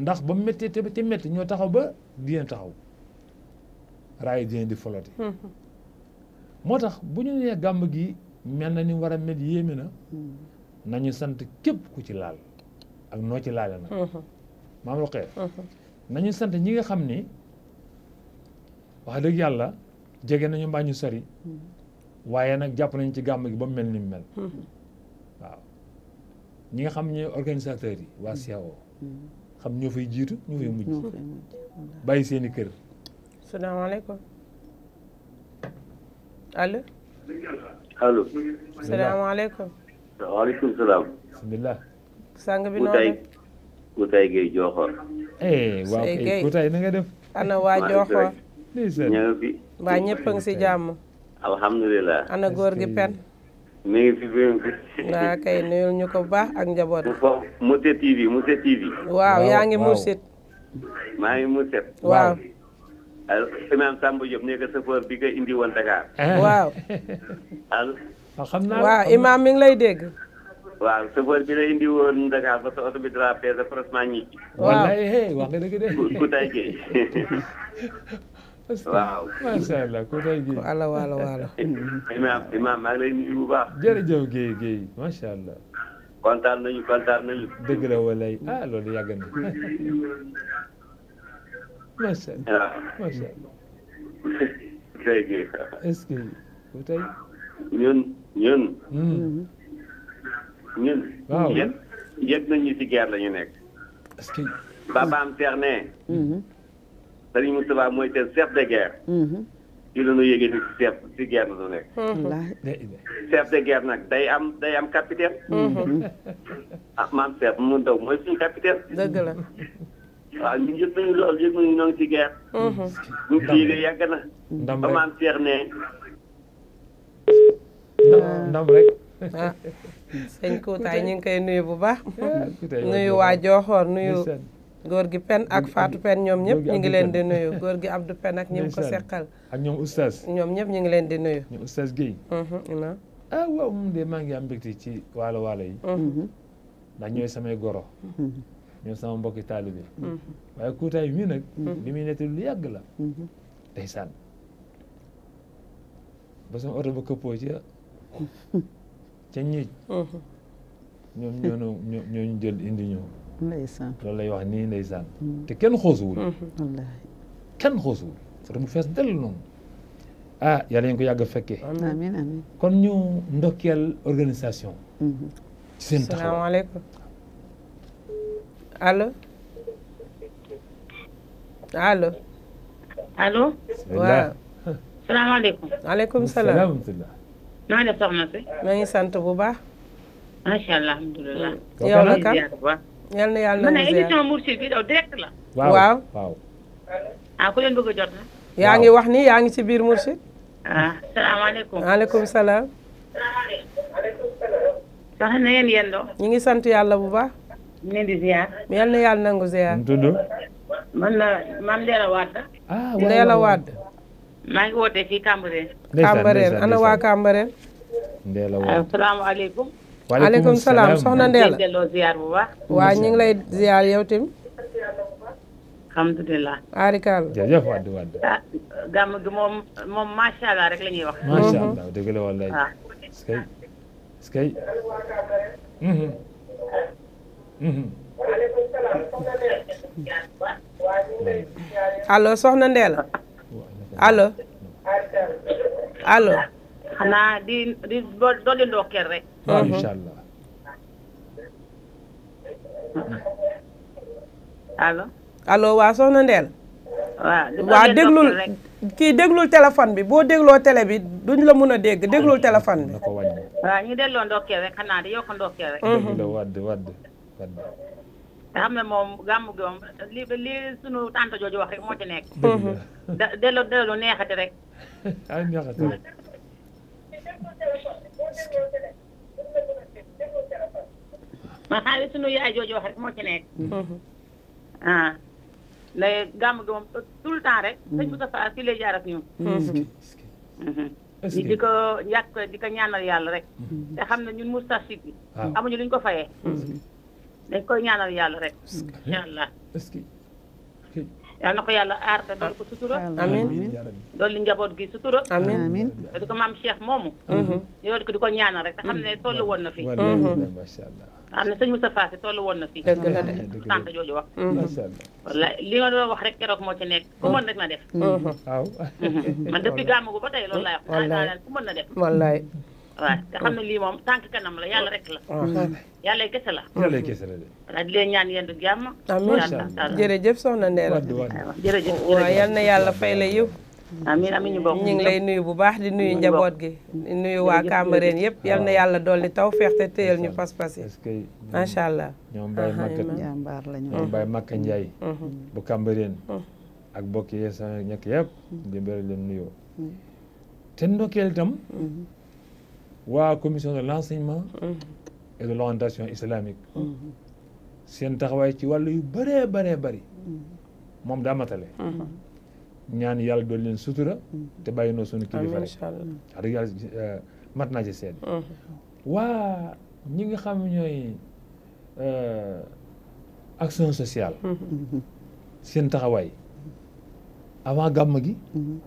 Speaker 2: ndax ba méttee te te ñoo taxaw ba dina taxaw raay dina di folote moo tax bu ñu nee gàmb gi mel na ni war a mel yéeme na nañu sant képp ku ci laal ak noo ci laale na maam Roqee mhm. nañu sant ñi nga xam ni wax dëgg yàlla jege nañu mbaa ñu sori mhm. waaye nag jàpp nañu ci gàmm gi ba mel ni mu mel mhm. waaw ñi nga xam ñooy organisateurs yi waa CAO xam ñu fay jiitu ñoo fay mujj bàyyi seen i kër
Speaker 1: salaamaaleykum allo allo salaamaaleykum
Speaker 2: waaleykum salaam bismillah
Speaker 1: sang bi noonu
Speaker 6: Koutay Gueye Joxoor.
Speaker 2: eh waaw
Speaker 1: def. ana waa Joxoor. ñëw fi. a ngi si jàmm.
Speaker 6: alhamdulilah. ana góor gi pen. mi ngi fi biir kër.
Speaker 1: kay nuyul ñu ko baax ak njaboot. mu
Speaker 6: foofu Mourchid TV Mourchid TV. waaw yaa ngi Mourchid. maa ngi Mourchid. waaw. al imaam Samba nekk chauffeur bi nga indi woon Dakar. Eh. waaw. <laughs> waaw imaam mi lay dégg. waaw chauffeur bi la indi woon Dakar ba wax nga dëgg de. ku
Speaker 2: allah ku tay wala wala wala. imaam
Speaker 6: imaam maa ngi allah. kontaan nañu kontaan
Speaker 2: nañu. dëgg la walaay ah, loolu yàgg na. allah macha allah. Gueye Gueye. est-ce que ku tay. ñun. waaw yëpp
Speaker 6: yëg nañu ci guerre la ñu nekk. am ce que. Babaam Seex ne. Mm-hmm. Sëriñ Moustapha mooy seen chef de guerre. Mm-hmm. ci la ñu yëgee ni ci chef ci guerre la ñu de guerre nag day am day am capitaine. Mm-hmm. <laughs> ah maam chef mu ndaw mooy suñu la. waaw ñun yëg nañu lool yëg nañu ñoo ngi ci guerre. ñu ngi ci yëgee yàgg na. ndam
Speaker 2: rek
Speaker 1: <laughs> sëñ Koutaay ñu ngi koy nuyu bu baax
Speaker 3: ah,
Speaker 2: nuyu waa
Speaker 1: Joxoor nuyu góor gi pen ak Fatou pen ñoom ñëpp ñu leen di nuyu góor gi Abdou pen ak ñi ko seqal
Speaker 2: ak ñoom oustaz ñoom ñëpp ñu ngi leen di nuyu ñoom oustaz Guèye mhm, imaam ah waaw moom de am ci waalo waalo yi mhm. Mhm. ndax ñooy samay goro ñoom sama mbokki taalibe waaye Koutaay mii nag li muy lu yàgg la ndeysaan ba sama ba këppoo ci <laughs> ca ñiij uh-huh. ñoom ñoonu ñooñu jël indi ñëw ndeysaan loolu lay wax nii ndeysaan mm. te kenn xoosuwul
Speaker 3: uh-huh. wallaahi
Speaker 2: kenn xoosuwul oto bu fees dell noonu ah ko yàgg a fekkee amiin kon ñu ndokkeel organisation mm-hmm. ci seen taxaw
Speaker 1: salaamaaleykum allo allo allo waaw salaamaaleykum aleykum salaam naa def soxna maa ngi sant bu baax. macha allah ah, ku leen bëgg yaa ngi wax ni yaa ngi si biir Mourchid. ah
Speaker 8: salaamaaleykum.
Speaker 1: maaleykum salaam.
Speaker 8: salaamaaleykum.
Speaker 1: soxna na ngeen yendoo. ñu ngi sant yàlla bu ba ñu leen di ziar. yal na yàlla nangu ziar. tudd. man la
Speaker 8: maam Ndéla Wade. ah Ndéla Wade. maa ngi wootee fii Cambérène. Cambérène ana waa
Speaker 1: Cambérène. Ndéla waaw
Speaker 8: salaamaaleykum. waaleykum salaam soxna waa ñu ngi lay
Speaker 1: ziar alhamdulilah. arikaal.
Speaker 2: Ah,
Speaker 8: moom moom macha allah rek la wax. macha
Speaker 1: mhm. allah dëgg la allo allo.
Speaker 8: xanaa di di dolli ndokkeel rek.
Speaker 1: waaw ah, incha allah. waa soxna Ndeel. waa déglul kii déglul téléphone bi boo dégloo télé bi duñ la mun a dégg déglul ah, téléphone bi. waaw
Speaker 8: ñu delloo ndokkeel rek xanaa di yokk ndokkeel rek. xam ne moom gàmmu gi moom li li sunu tante jooju wax rek moo ci nekk. <laughs> da delloo delloo neexati rek.
Speaker 2: <laughs> ay neexati rek.
Speaker 8: man sunu yaay jooju wax rek moo ci nekk. Mm-hmm. ah mais gàmmu gi moom tout le temps rek. Mm-hmm. sëñ Moussa Fall fii lay jaar ak ñun.
Speaker 3: Mm-hmm. di ko
Speaker 8: yàq di ko ñaanal yàlla rek. te xam ne ñun Moustapha Sy bi. Ah. amuñu luñ ko fayee. dañ koy ñaanal yàlla rek. yàlla yàlla na ko yàlla aar te doon ko sutura. amiin doon li jaboot gi sutura. amiin amiin di ko maam Cheikh moomu. Mm-hmm. yow di ko ñaanal rek te xam ne mm-hmm. tollu woon na fi. Mm-hmm. macha allah. am na sëñ Moussa Fassé toll woon na fii. dëgg la dëgg la li nga doon wax rek keroog moo ci nekk. ku mën rek na def. waaw.
Speaker 3: man depuis gàmmu
Speaker 8: ba tey loolu laay wax. wallaay ku mën na def. wallaay.
Speaker 3: waaw te xam ne
Speaker 8: lii la yàlla rek la. Ah, ah, ah.
Speaker 1: jërëjëf soxna Ndéla. jërëjëf yal na yàlla fay la yëpp. amiin amiin ñu ñu ngi lay nuyu bu baax di nuyu njaboot gi. nuyu waa Cambérène yëpp yal na yàlla dool di taw feex te téyal ñu pas-pas yi. macha allah.
Speaker 2: ñoom Baye Makka jàmbaar la ñoom Baye mm-hmm. Mm-hmm. Mm-hmm. ak mbokk yi ñekk yëpp. di bëri leen nuyoo. waa commission de l'enseignement mm-hmm. et de l'orientation islamique mm-hmm. seen taxawaay ci wàll yu bëree bëree bëri mm-hmm. moom daa matale ñaan yàlla doon leen sutura te bàyyi noo suñu kilifa rek yàlla eh, mat naa ci seede waa ñi nga xam ñooy eh, action sociale seen taxawaay avant gàmm gi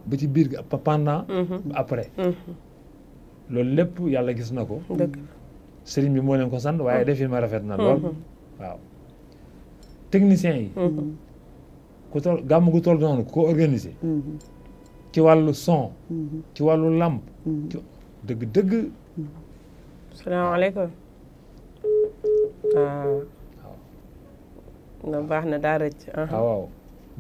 Speaker 2: ba ci biir pendant après loolu lépp yàlla gis na ko. sëriñ bi moo leen ko sant waaye mm-hmm. defin ma rafet na lool. Mm-hmm. waaw yi. Mm-hmm. ku gu toll noonu ko organisé. ci wàllu son. ci wàllu làmp. ci dëgg dëgg.
Speaker 1: salaamaaleykum. Ah. waaw.
Speaker 2: waaw. baax na daa rëcc. Ah, waaw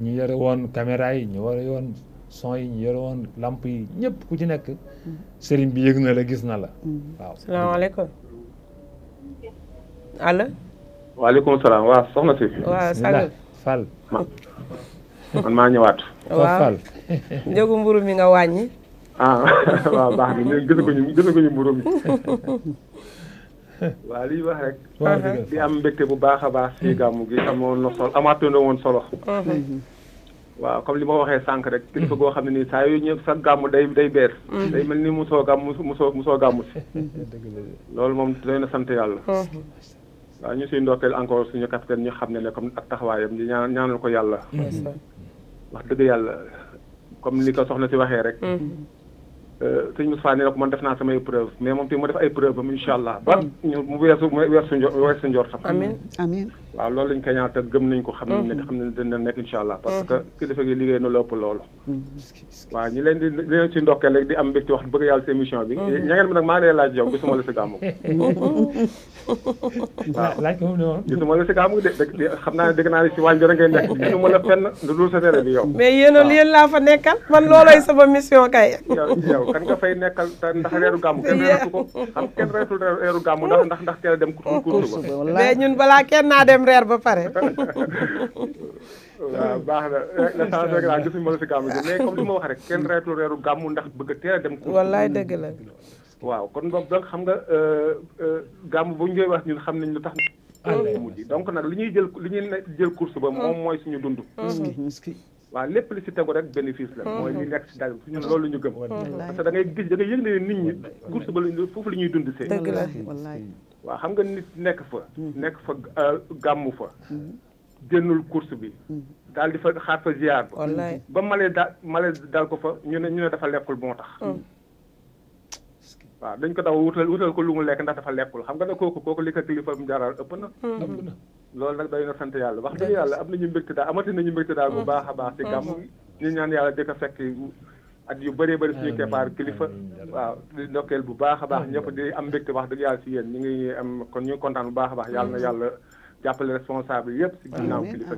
Speaker 2: ñu yore woon caméra yi ñu war yoon son yi ñu yore woon lamp yi ñëpp ku ci nekk mm. sëriñ bi yëg na la gis na la mm. waaw
Speaker 1: salaamaaleykum
Speaker 2: allo
Speaker 7: waaleykum salaam waaw soxna si waaw Sall Fall man maa ñëwaat waaw Fall
Speaker 1: mburu mi nga wàññi
Speaker 7: ah <laughs> waaw baax na gisaguñu mburu mi <laughs> waaw liy wax rek di am mbégte bu baax a baax si gàmmu gi amoon na na solo uh-huh. mm-hmm. waaw comme li ma waxee sànq rek kilifa mm. goo xam ne nii saa yu ñëw sa gàmm day day beer mm. day mel ni musoo gàmm musoo musoo gàmm si <laughs> loolu moom doy na sant yàlla mm. waaw ñu siy ndokkeel encore suñu capitaine ñu xam ne ne comme ak taxawaayam ñu ñaan ñaanal ko yàlla wax dëgg yàlla comme ni ko soxna si waxee rek euh, sëñ Moussa ne la man def naa samay preuve mais moom tamit mu def ay preuve am incha allah ba ñu mu weesu mu weesu njor tam amiin amiin waaw loolu lañ koy ñaan te gëm nañ ko xam ne mhm. xam ne dina nekk incha parce que mhm. kilifa gi liggéey na lépp loolu mhm. waaw ñi leen di leen ci ndokkee rek di am mbégte wax bëgg yàlla si émission bi eh, ñangeen bi nag maa ngi lay laaj yow gisuma la si gàmmu
Speaker 2: <laughs>
Speaker 7: la si gàmmu de xam naa ne dégg naa ne si waañ bi ngay nekk gisuma la fenn lu dul sa télé bi yow mais
Speaker 1: yéen a laa fa nekkal man looloy sama mission kay
Speaker 7: yow kan nga fay nekkal te ndax reeru gàmmu kenn reetu ko xam reeru gàmmu ndax ndax ndax dem
Speaker 1: ko dem reer ba pare. <laughs>
Speaker 7: waaw baax na la eh, rek laa gisuñu ma si gàmmu gi mais comme li ma wax rek kenn reetul reeru gàmmu ndax bëgg a teel a dem. wallaay dëgg waaw kon donc xam nga euh, euh, gàmmu bu ñu koy wax ñun xam nañ lu tax. mujj donc nag li ñuy jël li ñuy jël course ba moom mm. mooy suñu dund. Mm. waa lépp li si tegu rek bénéfice la mm. mooy li nekk si daal ñun loolu ñu gëm parce que da gis da yëg ne nit ñi course ba lañu foofu la ñuy dund see. dëgg la waa xam nga nit nekk fa. Hmm. nekk fa euh, gàmmu fa. Hmm. génnul course bi. Hmm. daal di fa xaar fa ziar ba. ba male da male dal ko fa ñu ne ñu ne dafa lekkul moo tax. Oh. waaw dañ ko daw wutal wutal ko lu mu lekk ndax dafa lekkul xam nga ne kooku kooku li ko kilifam jaral ëpp na. loolu nag day na sant yàlla wax dëgg yàlla am nañu mbégte daal amati nañu mbégte daal bu baax a baax. ci gàmm ñu ñaan yàlla di fekk. at yu bëree bëri suñu keppaar kilifa waaw di bu baax a baax ñëpp di am mbégte wax dëgg yàlla si yéen ñu ngi am kontaan bu baax a baax na yàlla jàppale responsable yëpp si ginnaaw kilifa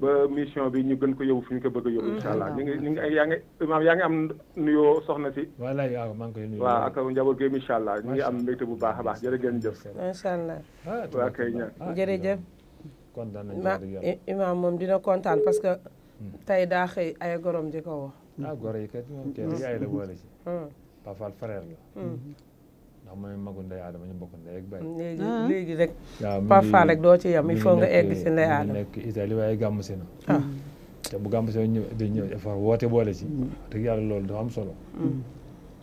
Speaker 7: ba mission bi ñu gën ko yóbbu fu ñu ko bëgg a yóbbu incha allah ngi ñu ngi yaa ngi imaam yaa ngi am nuyoo soxna si wala
Speaker 2: waaw maa ngi koy
Speaker 7: nuyu waaw ak njaboot gi incha allah ñu ngi am mbégte bu baax a baax jërëgeen jëf incha allah
Speaker 2: ah, waa kay
Speaker 7: ñaan
Speaker 1: ah, jërëjëf
Speaker 2: kontaan nañu
Speaker 1: imaam moom dina kontaan parce que hmm. tey daa xëy ay gorom di
Speaker 2: ah goro yi kat moom kenn yaay la boole ci hmm. Pafal frère la hmm. ndax mooy magu ndey aadama ñu bokk ndey ak baay léegi ah. léegi rek Pafal rek doo ci yam il faut nga egg si ndey aadama nekk Italie waaye gàmm si na ah. te bu gàmm si na ñëw di ñëw effort woote boole ci hmm. dëgg yàlla loolu dafa am solo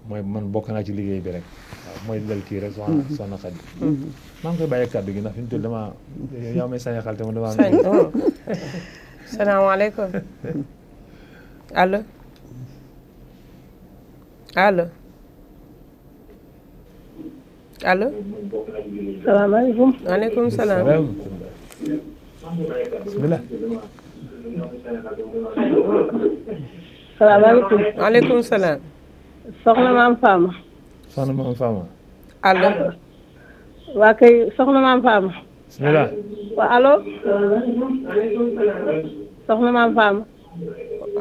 Speaker 2: mooy man bokk naa ci liggéey bi rek waaw mooy dal kii rek soxna soxna xadi maa ngi koy bàyyi kàddu gi ndax fi ñu tudd damaa yaa may sañ xal te ma damaa oh.
Speaker 1: <laughs> salaamaaleykum allo <laughs> allo allo.
Speaker 2: salaamaaleykum. maaleykum salaam. bisimilah. salaamaaleykum. maaleykum
Speaker 8: salaam. soxna maam Fama.
Speaker 2: soxna maam Fama.
Speaker 8: allo. waa kay soxna maam Fama.
Speaker 2: bisimilah.
Speaker 1: waa allo. soxna maam Fama.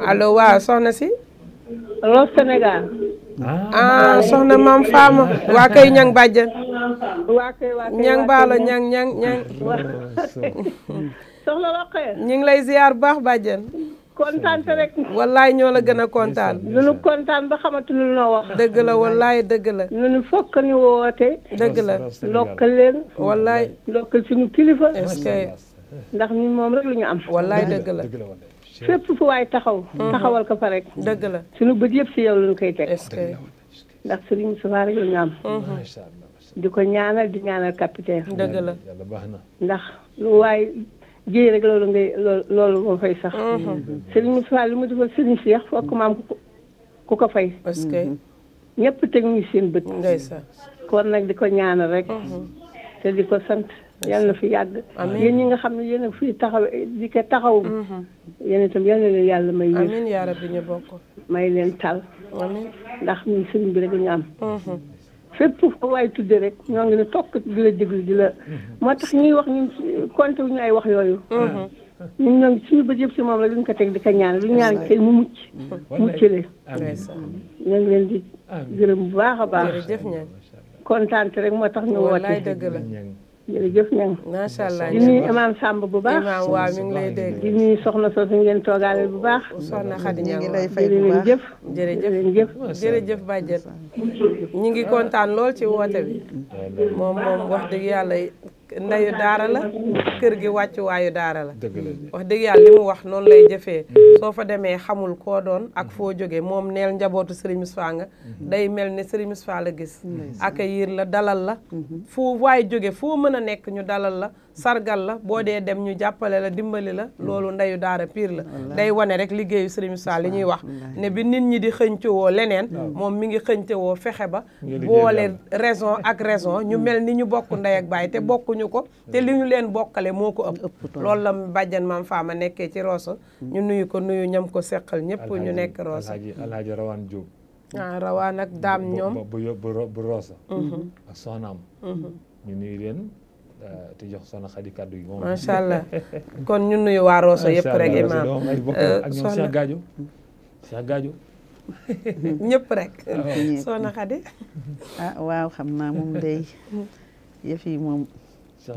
Speaker 1: allo waa soxna si. Rose Sénégal.
Speaker 3: Ah. ah soxna
Speaker 1: maam Fama waa kay ñang bàjjen. waa kay waa ñang baalo ñang ñang ñang. soxna ñu ngi lay ziar baax bàjjen. kontaan rek. wallaay ñoo la gën a kontaan. lu nu kontaan ba xamatu lu noo wax. dëgg la wallaay dëgg la. lu nu fokk ni woote.
Speaker 2: dëgg la leen.
Speaker 1: wallaay ndokkal suñu
Speaker 8: kilifa. est-ce ndax ñun moom rek lu ñu am. wallaay dëgg fépp fu waay taxaw. Mhm. taxawal
Speaker 1: ko fa rek. dëgg la
Speaker 8: suñu bët yëpp si yow lañu koy teg. ndax Serigne Moustapha rek la ñu mhm. di ko ñaanal di ñaanal capitaine. dëgg la ndax lu waay jëy rek loolu ngay loolu moo fay sax. Mhm. Serigne Moustapha li mu defal Serigne Cheikh fokk maam ku ko fay. parce ñëpp teg ñu seen bët. kon nag di ko ñaanal rek. te di ko sant. yal na fi yàgg. amiin yéen ñi nga xam ne yéen a fi taxaw di ko taxaw. Mm-hmm. yen itam yal leen yàlla may. amiin
Speaker 1: yaa rabbi ñu bokk.
Speaker 8: may leen tal. amiin ndax ñun sëriñ bi rek ñu am. Mm-hmm. fépp foofu waaye tudde rek ñoo ngi ne tokk di la déglu di la. Mm-hmm. moo tax ñuy wax ñun compté wu ñu ay wax yooyu. ñun ñoom suñu bët yëpp si moom la duñ ko teg di ko ñaan lu ñaan kay mu mucc. mucc leen. ñoo ngi leen di gërëm bu baax a baax.
Speaker 1: kontaan rek moo tax ñu woote. jërëjëf ñang macha allah di nuyu imaam
Speaker 8: Samb bu baax imaam waaw mi ngi lay dégg di nuyu soxna soosu ngeen toogaaleel bu baax
Speaker 1: soxna Xadi ñang ngi lay fay bu baax jëf jërëjëf jëf jërëjëf bàjjen ñu ngi kontaan lool ci woote bi moom moom wax dëgg yàlla ndeyu daara la kër gi wàccuwaayu daara la wax dëgg yàlla li mu wax noonu lay jëfee mhm. soo fa demee xamul koo doon ak mhm. foo jóge moom neel njabootu Serigne Moustapha nga mhm. day mel ni Serigne Moustapha la gis accueillir la dalal la fu waay jóge foo mën a nekk ñu dalal la sargal la boo dee dem ñu jàppale la dimbali la loolu ndeyu daara piir la day wane rek liggéeyu Serigne Sall li ñuy wax ne bi nit ñi di xëñcewoo leneen moom mi ngi xëñcewoo fexe ba boole raison ak raison ñu mm. mel ni ñu bokk ndey ak baay te mm. bokkuñu ko te li ñu leen bokkale moo ko ëpp loolu la mu bàjjan faa ma nekkee ci Rosso mm. ñu nuyu ko nuyu ñam ko
Speaker 2: seqal ñëpp ñu nekk Rosso alaaji rawaan Jóob
Speaker 1: ah rawaan ak daam ñoom
Speaker 2: bu Rosso mm-hmm. ak soxnaam mm-hmm. ñu nuyu leen Euh, te jox soxna Xadi kàddu yi moom. macha allah
Speaker 1: kon ñu nuyu waa Rosso ñëpp rek. Ah,
Speaker 2: soxna ah
Speaker 5: waaw xam naa moom day yëf yi moom.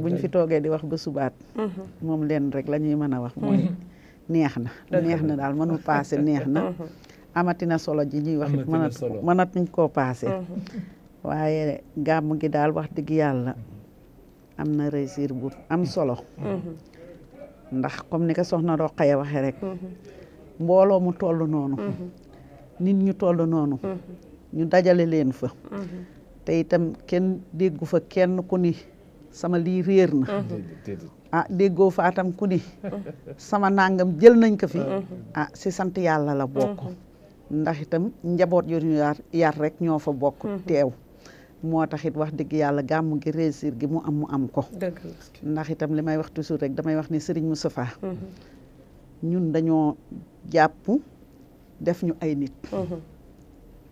Speaker 5: buñ fi toogee di wax ba subaat. Mhm. moom leen rek lañuy mën a wax mooy. Mhm. neex na neex na daal mënul paase mhm. neex na. amatina solo ji ñuy wax mënat mënatuñ koo paase. waaye gàmm gi daal wax dëgg yàlla. am na réussir bu am mm-hmm. solo mm-hmm. ndax comme ni ko soxna Roqaya waxee rek mm-hmm. mbooloo mu toll noonu nit ñu toll noonu ñu dajale leen fa te itam kenn déggu fa kenn ku ni sama lii réer na ah déggoo fa itam ku sama nangam jël nañ ko fi a ah, si sant yàlla la bokk ndax itam njaboot yu ñu yar yar rek ñoo fa bokk teew moo taxit wax dëgg yàlla gàmm gi réussir gi mu am mu am ko. ndax itam li may wax toujours rek damay wax ni Serigne Moustapha. Mhm. ñun dañoo jàpp def ñu ay nit. Mhm.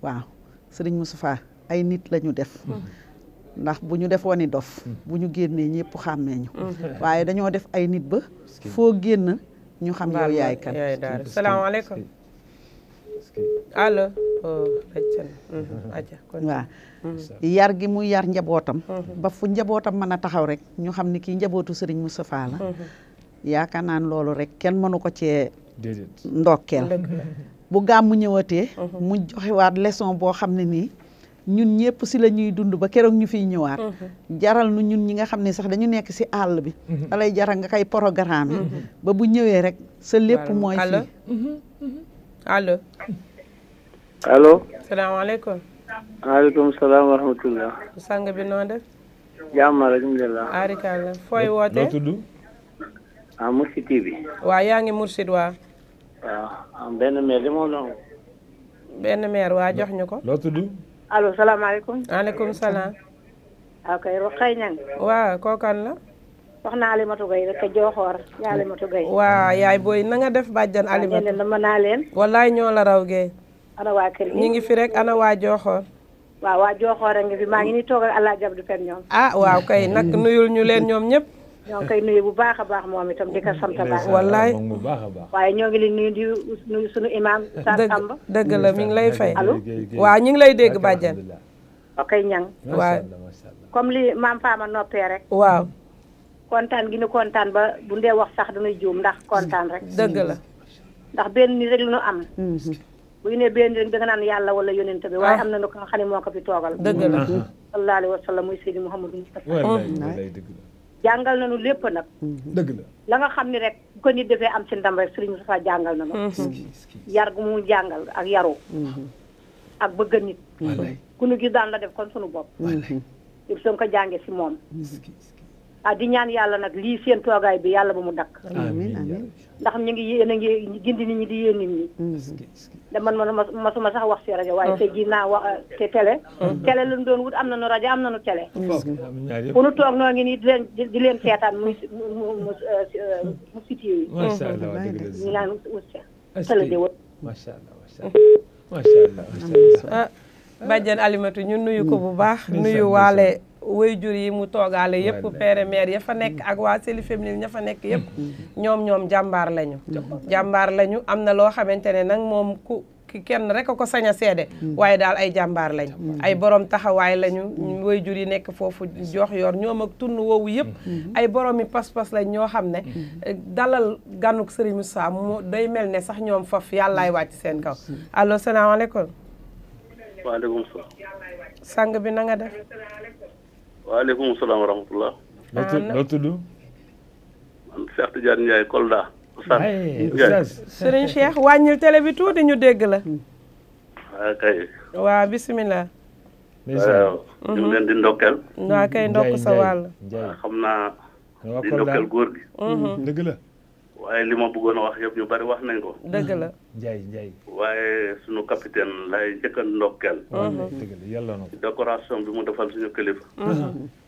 Speaker 5: waaw Serigne Moustapha ay nit lañu def. Mhm. ndax bu ñu def wani dof bu ñu génnee ñëpp xàmmee waaye dañoo def ay nit ba foo génn ñu xam yow yaay kan
Speaker 1: allo oh, mm-hmm. <laughs> waaw
Speaker 3: mm-hmm.
Speaker 5: yar gi muy yar njabootam mm-hmm. ba fu njabootam mën a taxaw rek ñu xam ni kii njabootu sëriñ mu Moustapha la yaakaar naan loolu rek kenn mënu ko cee ndokkeel bu gàmmu ñëwatee mu joxewaat leson boo xam ne nii ñun ñëpp si la ñuy dund ba keroog ñu fiy ñëwaat jaral nu ñun ñi nga xam ne sax dañu nekk si àll bi da lay jaral nga koy programme ba bu ñëwee rek sa lépp mooy
Speaker 3: fii
Speaker 1: allo. allo. salaamaaleykum.
Speaker 6: maaleykum salaam wa rahmatulah.
Speaker 1: sang bi noo def. jàmm rek alhamdulilah. arikalla fooy woote. noo
Speaker 6: tudd. ah Mourchid TV.
Speaker 1: waaw yaa ngi Mourchid waa. waaw am
Speaker 6: benn maire li moo doon.
Speaker 1: benn maire waa jox ñu ko. noo tudd. allo soxna
Speaker 8: Alimatou Gaye rek a Joxoor yaa Alimatou Gaye waaw
Speaker 1: yaay booy na nga def bàjjan Alimatou
Speaker 8: dama naa leen
Speaker 1: wallaay ñoo la raw gay
Speaker 8: ana waa kër gi ñu ngi fi
Speaker 1: rek ana waa Joxoor
Speaker 8: waaw waa Joxoor a ngi fi maa ngi ni toog ak allah jab du fen ñoom
Speaker 1: ah waaw kay nag nuyul ñu leen ñoom ñëpp
Speaker 8: ñoo ngi koy nuyu bu baax a baax moom itam di ko sant baax wallaay waaye ñoo ngi li nuyu di nuyu suñu imaam sa Samba
Speaker 1: dëgg la mi ngi lay fay allo waaw ñu ngi lay dégg bàjjan
Speaker 8: ok ñang waaw comme li maam faama noppee rek waaw kontaan gi ñu kontaan ba bu dee wax sax dañuy juum ndax kontaan rek. dëgg la. ndax benn nit rek lu ñu am. Mm-hmm. bu ñu nee benn rek danga naan yàlla wala yonent bi waaye am na nu ko xam moo ko fi toogal. dëgg la mm-hmm. sallallahu alayhi wa sallam muy Seydi Mouhamadou Moustapha. Mm-hmm. jàngal nañu lépp nag. dëgg la la nga xam ni rek bu ko nit defee am si ndam rek Serigne Moustapha jàngal na ma. yar gu mu jàngal ak yaru ak bëgg nit. ku nu gis daan la def kon sunu bopp. yëpp soo ko jàngee si moom. ah di ñaan yàlla nag lii seen toogaay bi yàlla ba mu dakk amiin amiin ndax ñu ngi yéen a ngi gindi nit ñi di yéen nit ñi mm. da man ma masuma sax wax si rajo waaye mm. te ji naa wax te télé mm. télé lu doon wut am na nu rajo am na nu télé fu nu toog noo ngi nii di leen di leen seetaan mu mu euh, euh, siti yi ñu wut télé di wut
Speaker 1: ah, ñu nuyu ko bu baax nuyu waale wayjur yi mu toogaale yëpp père mère ya fa nekk ak waa cellule féminine ña fa nekk yëpp mm-hmm. ñoom ñoom mm-hmm. jàmbaar lañu jàmbaar lañu am na loo xamante ne nag moom ku kenn rek a ko sañ a seede mm-hmm. waaye daal ay jàmbaar lañ ay boroom taxawaay lañu jur yi nekk foofu jox yoor ñoom ak tund woowu yëpp ay borom yi pas-pas lañ ñoo xam ne dalal ganuk Serigne Moussa mu day mel ne sax ñoom faf yàllaay wàcc seen kaw allo salaamaaleykum
Speaker 9: waaleykum sang bi nanga def waaleykum salaam wa rahmatulah. loo tudd man Cheikh Tidiane Ndiaye Kolda.
Speaker 2: Oustaz
Speaker 9: wàññil
Speaker 1: télé bi ñu dégg la. waaw ah, kay. waaw bisimilah.
Speaker 9: Mhm. ñu leen di ndokkeel.
Speaker 6: waaw kay ndokk sa wàll.
Speaker 9: Ah, xam naa di ndokkeel góor gi. Mhm. dëgg la. waaye li ma bëggoon a wax yëpp ñu bari wax nañ ko. dëgg
Speaker 2: la <laughs> Ndiaye Ndiaye.
Speaker 9: waaye sunu capitaine lay njëkk a ndokkeel. yàlla na ko décoration bi mu defal suñu kilifa.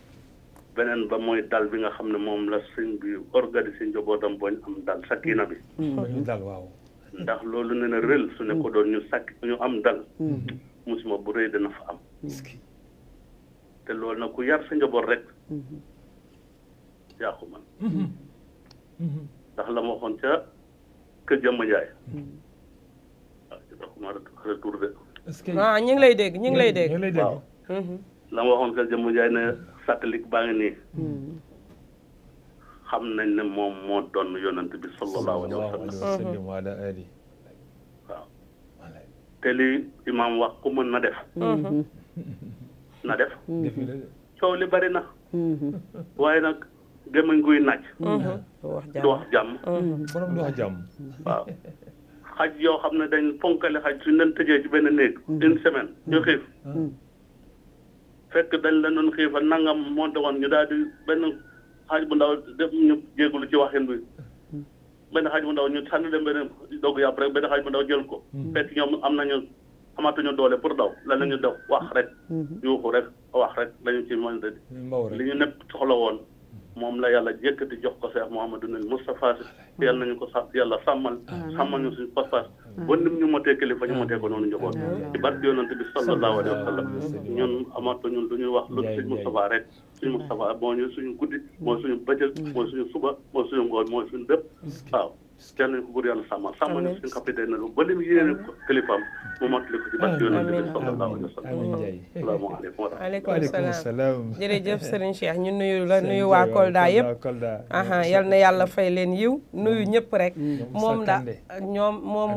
Speaker 9: <laughs> beneen ba mooy dal bi nga xam ne moom la sëñ bi organisé njabootam boo ñu am dal sakkiina bi.
Speaker 2: Mm. dal waaw.
Speaker 9: ndax loolu nee rël su ne ko doon ñu sakk ñu am dal. Mm. musuma bu rëy dina fa am. te loolu nag ku yar sa njaboot rek. Mm-hmm. yaa ko mm-hmm. mm-hmm. ndax la ma waxoon ca kër Jàmma Njaay
Speaker 3: hmm.
Speaker 1: ah, ñu ngi lay degg ñu ngi lay dégg waaw hmm.
Speaker 9: la ma waxoon kër Jàmma Njaay ne satellite baa ngi hmm. xam nañ ne moom moo doon yonent bi sallallahu alayhi wa sallam wa ala ali waaw te li imaam wax ku mën na def na def coow li bari na waaye nag gémmañ guy naaj.
Speaker 2: Mm-hmm. du wax jàmm. Mm-hmm. Mm-hmm. borom du wax <laughs> waaw
Speaker 9: xaj yoo xam ne dañ ponkale xaj suñ leen tëjee ci benn néeg. une semaine ñu xiif. fekk dañ la doon xiifal ñu daal di benn xaj bu ndaw def ñu jégalu ci waxin bi benn xaj bu ndaw ñu sànni dem benn dogg yàpp rek benn xaj bu ndaw jël ko fekk ñoom am nañu amatuñu doole pour daw lan la ñu def wax rek yuuxu rek wax rek lañu ci mën li ñu nepp soxla woon moom la yàlla yëkkati jox ko Cheikh Mouhamadoul Moustapha si yàlla nañu ko sa yàlla sàmmal sàmmal ñu suñu pas-pas ba nim ñu motee kilifa ñu motee ko noonu njaboot ci barke yonent bi sallallahu alayhi wa sallam ñun amatu ñun du ñuy wax lu suñ Moustapha rek suñ Moustapha moo suñu guddi mooy suñu bëccëg mooy suñu suba mooy suñu ngoon mooy suñu dëpp waaw kenn ku góor yàlla sàmmal sàmmal ñu suñu capitaine na ba li mu yéene kilifaam mu
Speaker 3: ko
Speaker 1: ci nuyu la nuyu
Speaker 3: aha yal na yàlla
Speaker 1: fay leen yiw nuyu ñëpp rek moom da ñoom moom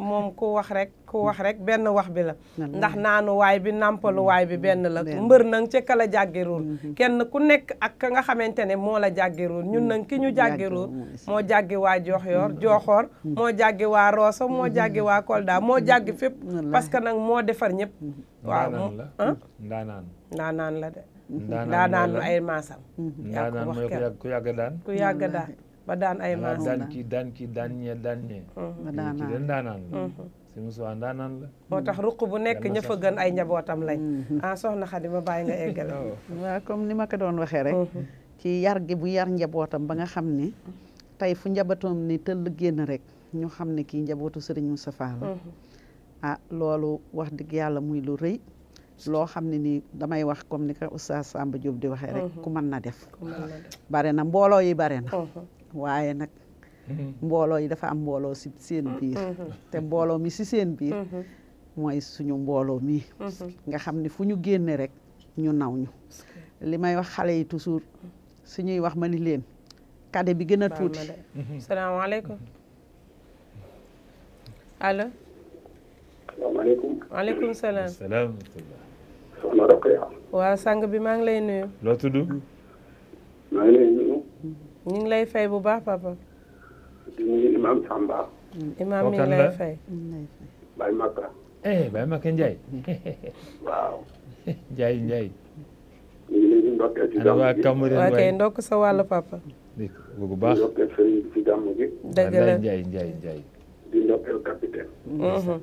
Speaker 1: moom ku wax rek ku wax rek benn wax bi la ndax naanuwaay bi nàmpaluwaay mm-hmm. bi benn la mbër nang ca ka la jàggiroon mm-hmm. kenn ku nekk ak ka nga xamante ne moo la jàggiroon ñun nañ ki ñu mm-hmm. jàggiroon moo jàggi waa Joxyoor Joxoor moo jàggi waa Rooso moo jàggi waa Kolda moo jàggi fépp parce que nag moo defar ñëpp waaw
Speaker 2: ah? ndaanaan
Speaker 1: ndaanaan la de ndaanaan ay maasam ndaanaan mooy ku yàgg daan ku yàgg daan ba daan ay maasam daan kii si Moussa ndaanaan la. moo tax ruq bu nekk ña gën ay njabootam lañ. Mm-hmm. ah
Speaker 5: soxna Xadi ma bàyyi nga eggale. Oh. waaw comme ni ma ko doon waxee rek. Mm-hmm. ci yar gi bu yar njabootam ba nga xam ni. tey fu njabootam ni tëll génn rek ñu xam ne kii njabootu Serigne Moustapha la. Mm-hmm. ah loolu wax dëgg yàlla muy lu rëy. loo xam ne nii damay wax comme ni ko Oustaz Samba Diop di waxee rek. ku mën na def. bare na mbooloo yi bare na. waaye nag. Mm-hmm. mbooloo yi dafa am mbooloo si seen mm-hmm. biir mm-hmm. te mbooloo mi si seen biir mooy suñu mbooloo mi nga xam ni fu ñu génne rek ñu naw ñu li may wax xale yi toujours suñuy wax ma ni leen kade bi gën a tuuti
Speaker 1: salaamaaleykum allo salaamaaleykum waaleykum salaam sang bi maa ngi lay nuyu
Speaker 2: loo tudd
Speaker 10: lay nuyu
Speaker 2: ñu
Speaker 1: ngi lay fay bu baax papa
Speaker 10: di nuyu Imaam Samba.
Speaker 2: Imaam mi lay fay. Baye Makka. eh Baye Makka Ndiaye. <laughs> waaw. Ndiaye Ndiaye.
Speaker 10: ñu ngi leen di ndokkee
Speaker 2: ci gàmm gi waa
Speaker 10: sa wàllu
Speaker 1: papa.
Speaker 2: bu baax di ndokkee
Speaker 10: sëriñ bi ci gàmm gi. dëgg la
Speaker 2: Ndiaye Ndiaye Ndiaye.
Speaker 10: di ndokkee capitaine. Mm-hmm.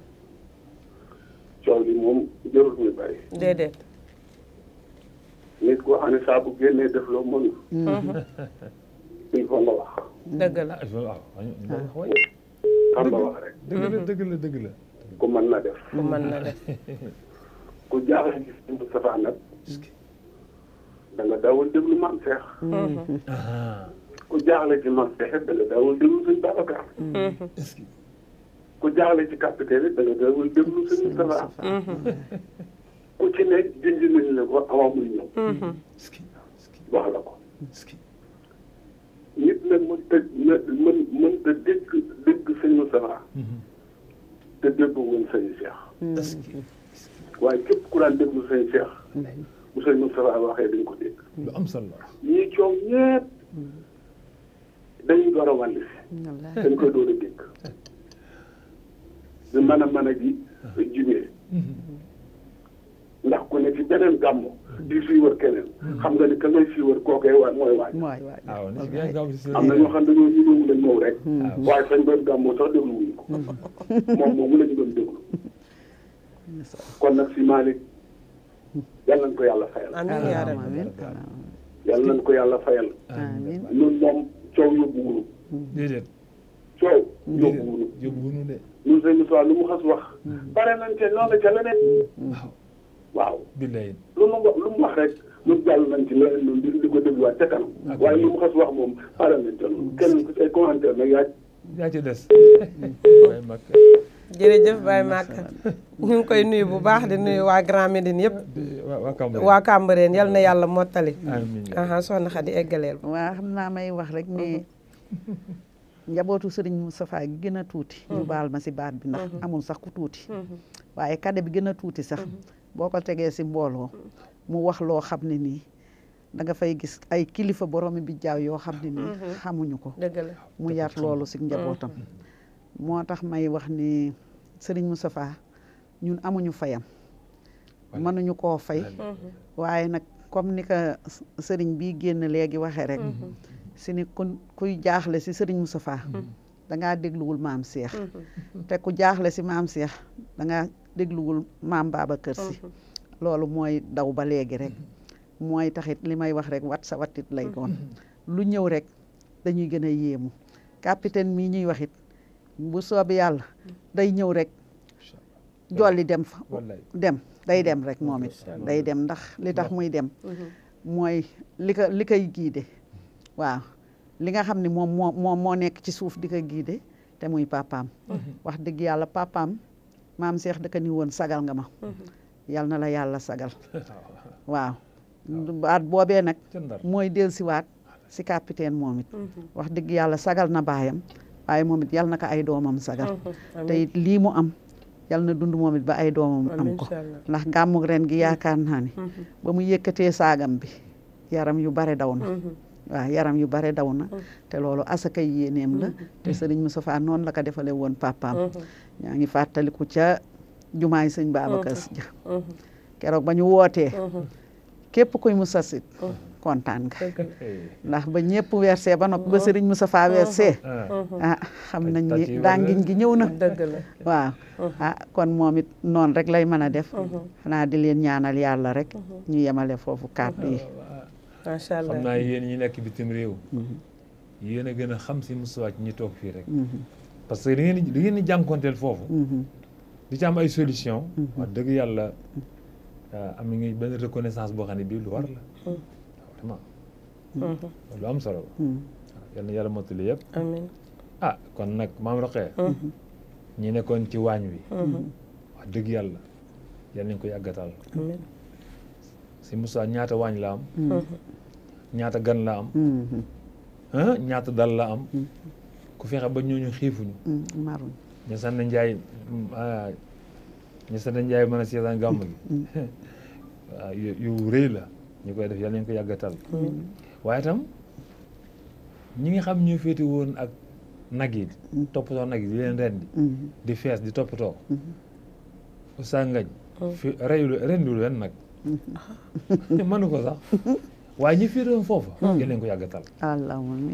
Speaker 10: coow bi moom jarul muy bari. déedéet. nit ku ne saa bu
Speaker 2: dëgg la waaw waaw. xam nga wax rek. dëgg la la dëgg la. ku
Speaker 10: mën na def. ku mën na def. ku jaaxle ci sëñ Moustapha nag. da nga ah. ku jaaxle ci maam Seex da nga daawul déglu sëñ Babacar.
Speaker 3: Mm-hmm.
Speaker 10: ku jaaxle ci capitaine da nga daawul déglu sëñ Moustapha. ku ci ne dindi nañ la ba awamuy ñëw. Mm-hmm. wax la ko. nit nag mënta mën mënta dégg dégg sëñ Moustapha mhm. te déggoo woon sëñ Cheikh mhm. waaye képp ku daan déglu sëñ mhm. bu sëñ Moustapha waxee dañ ko dégg lu am solo ñii coow ñëpp dañuy door a wàll si dañ koy door a dégg di mën a ji jumee ndax ko ne ci beneen gàmmu di fii wër keneen. Hmm. xam nga ni ka ngay fii wër kooku waay mooy waaj.
Speaker 3: waay waay ah, waaw am na ñoo xam
Speaker 10: ne ñoo ñëw lañ ñëw rek. Hmm. Ah, waaye fañ doon gàmmoo sax déglu wuñ ko. Hmm. moom moomu lañ doon déglu. <laughs> kon nag si Malick yal nañ ko yàlla fayal.
Speaker 2: amiin yaa rabbi amiin
Speaker 10: yal nañ ko yàlla fayal.
Speaker 2: amiin
Speaker 5: ñun
Speaker 10: moom coow yóbbu wunu.
Speaker 2: déedéet. coow yóbbu wunu. yóbbu wunu de. ñun
Speaker 10: seen lu mu xas wax. bare nañ te noonu la ca leneen. waaw. waaw. billaay. lu mu wax lu mu jàll nañ ci leneen loolu di di ko waaye li mu xas wax moom xaaral nañ toll kenn ku ay commentaire nag yaa
Speaker 2: yaa ci des. <laughs>
Speaker 1: bu baax di nuyu waa Grand
Speaker 6: waa
Speaker 5: Cambérène yal na yàlla mottali. amiin xam naa may wax rek ne mhm. <laughs> njabootu Serigne Moustapha gi gën a tuuti. ñu mhm. baal ma si baat bi ndax mhm. amul sax ku tuuti. waaye kade bi gën a tuuti sax. boo ko tegee si mbooloo mu wax loo xam ne nii danga fay gis ay kilifa boromi bi jaaw yoo xam ne nii mm-hmm. xamuñu ko mu yar loolu si njabootam mm-hmm. moo tax may wax ni sëriñ mu Moustapha ñun amuñu fayam mënuñu koo fay mm-hmm. waaye nag comme ni ko sëriñ bii génn léegi waxee rek si ni ku kuy jaaxle si sëriñ mu Moustapha dangaa dégluwul maam seex te ku jaaxle si maam seex dangaa dégluwul maam kër Si mhm. loolu mooy daw ba léegi rek mhm. mooy taxit li may wax rek wat sa watit lay mhm. doon lu ñëw rek dañuy gën a yéemu capitaine mii ñuy waxit bu soobi yàlla day ñëw rek jolli dem fa dem day dem rek moom it day dem ndax li tax muy dem mooy li ko li koy giide waaw li nga xam ne moom moo moo nekk ci suuf di ko giide te muy papaam wax dëgg yàlla papaam maam Cheikh daka ni woon sagal nga ma mhm. yal na la yàlla sagal <laughs> waaw baat boobee nag mooy dellusiwaat si capitaine moom it mhm. wax dëgg yàlla sagal na baayam waaye moom it yal na ko ay doomam sagal mhm. te lii mu am yal na dund moomit ba ay doomam am ko ndax gàmmug ren gi yaakaar naa ne ba mu yëkkatee saagam bi yaram yu bare daw na waaw yaram yu bare daw na mm-hmm. te loolu asaka yéeneem la mm-hmm. te sëriñ Moustapha noonu la ko defale woon papaam ñaa mm-hmm. ngi fàttaliku ca jumaay sëñ Babacar ja keroog ba ñu wootee képp kuy musasit kontaan nga ndax ba ñëpp versé ba noppi ba sëriñ Moustapha versé ah xam nañ ni dangiñ gi ñëw na waaw ah kon moom it noonu rek lay mën a def xanaa di leen ñaanal yàlla rek ñu yemale foofu kàddu yi
Speaker 2: macha allah xam naa yéen ñi nekk bitim réew. Mhm. yéen a gën a xam si musuwaat ñi toog fii rek. Mhm. parce que da ngeen di da ngeen di jànkuwanteel foofu. Mhm. di ci ay solution wax dëgg yàlla ah, am nañu benn reconnaissance boo xam ne bii lu war lu am solo la. yàlla mottali yëpp. Ah, kon nag maam Roqee. nekkoon ci waañ wi. wax dëgg yàlla yal nañu ko yàggatal. amiin si Moussa ñaata waañ la ñaata gan la am mm-hmm. ah, ñaata dal la am mm-hmm. ku fexe ba ñooñu xiifuñu mm-hmm. ñu sant njaay ah, ñu sant njaay mën a seetaan gàmm gi <laughs> ah, la ñu koy def yàlla nañu ko yàggatal waaye itam ñi nga xam ñu féete woon ak nag yi toppatoo nag yi di leen rendi di fees di toppatoo ussa ngañ oh. fi reylu rendilu leen nag <laughs> mënu ko sax <laughs> waaye ñi fi réew foofu. Hmm. yéen leen ko yàgg a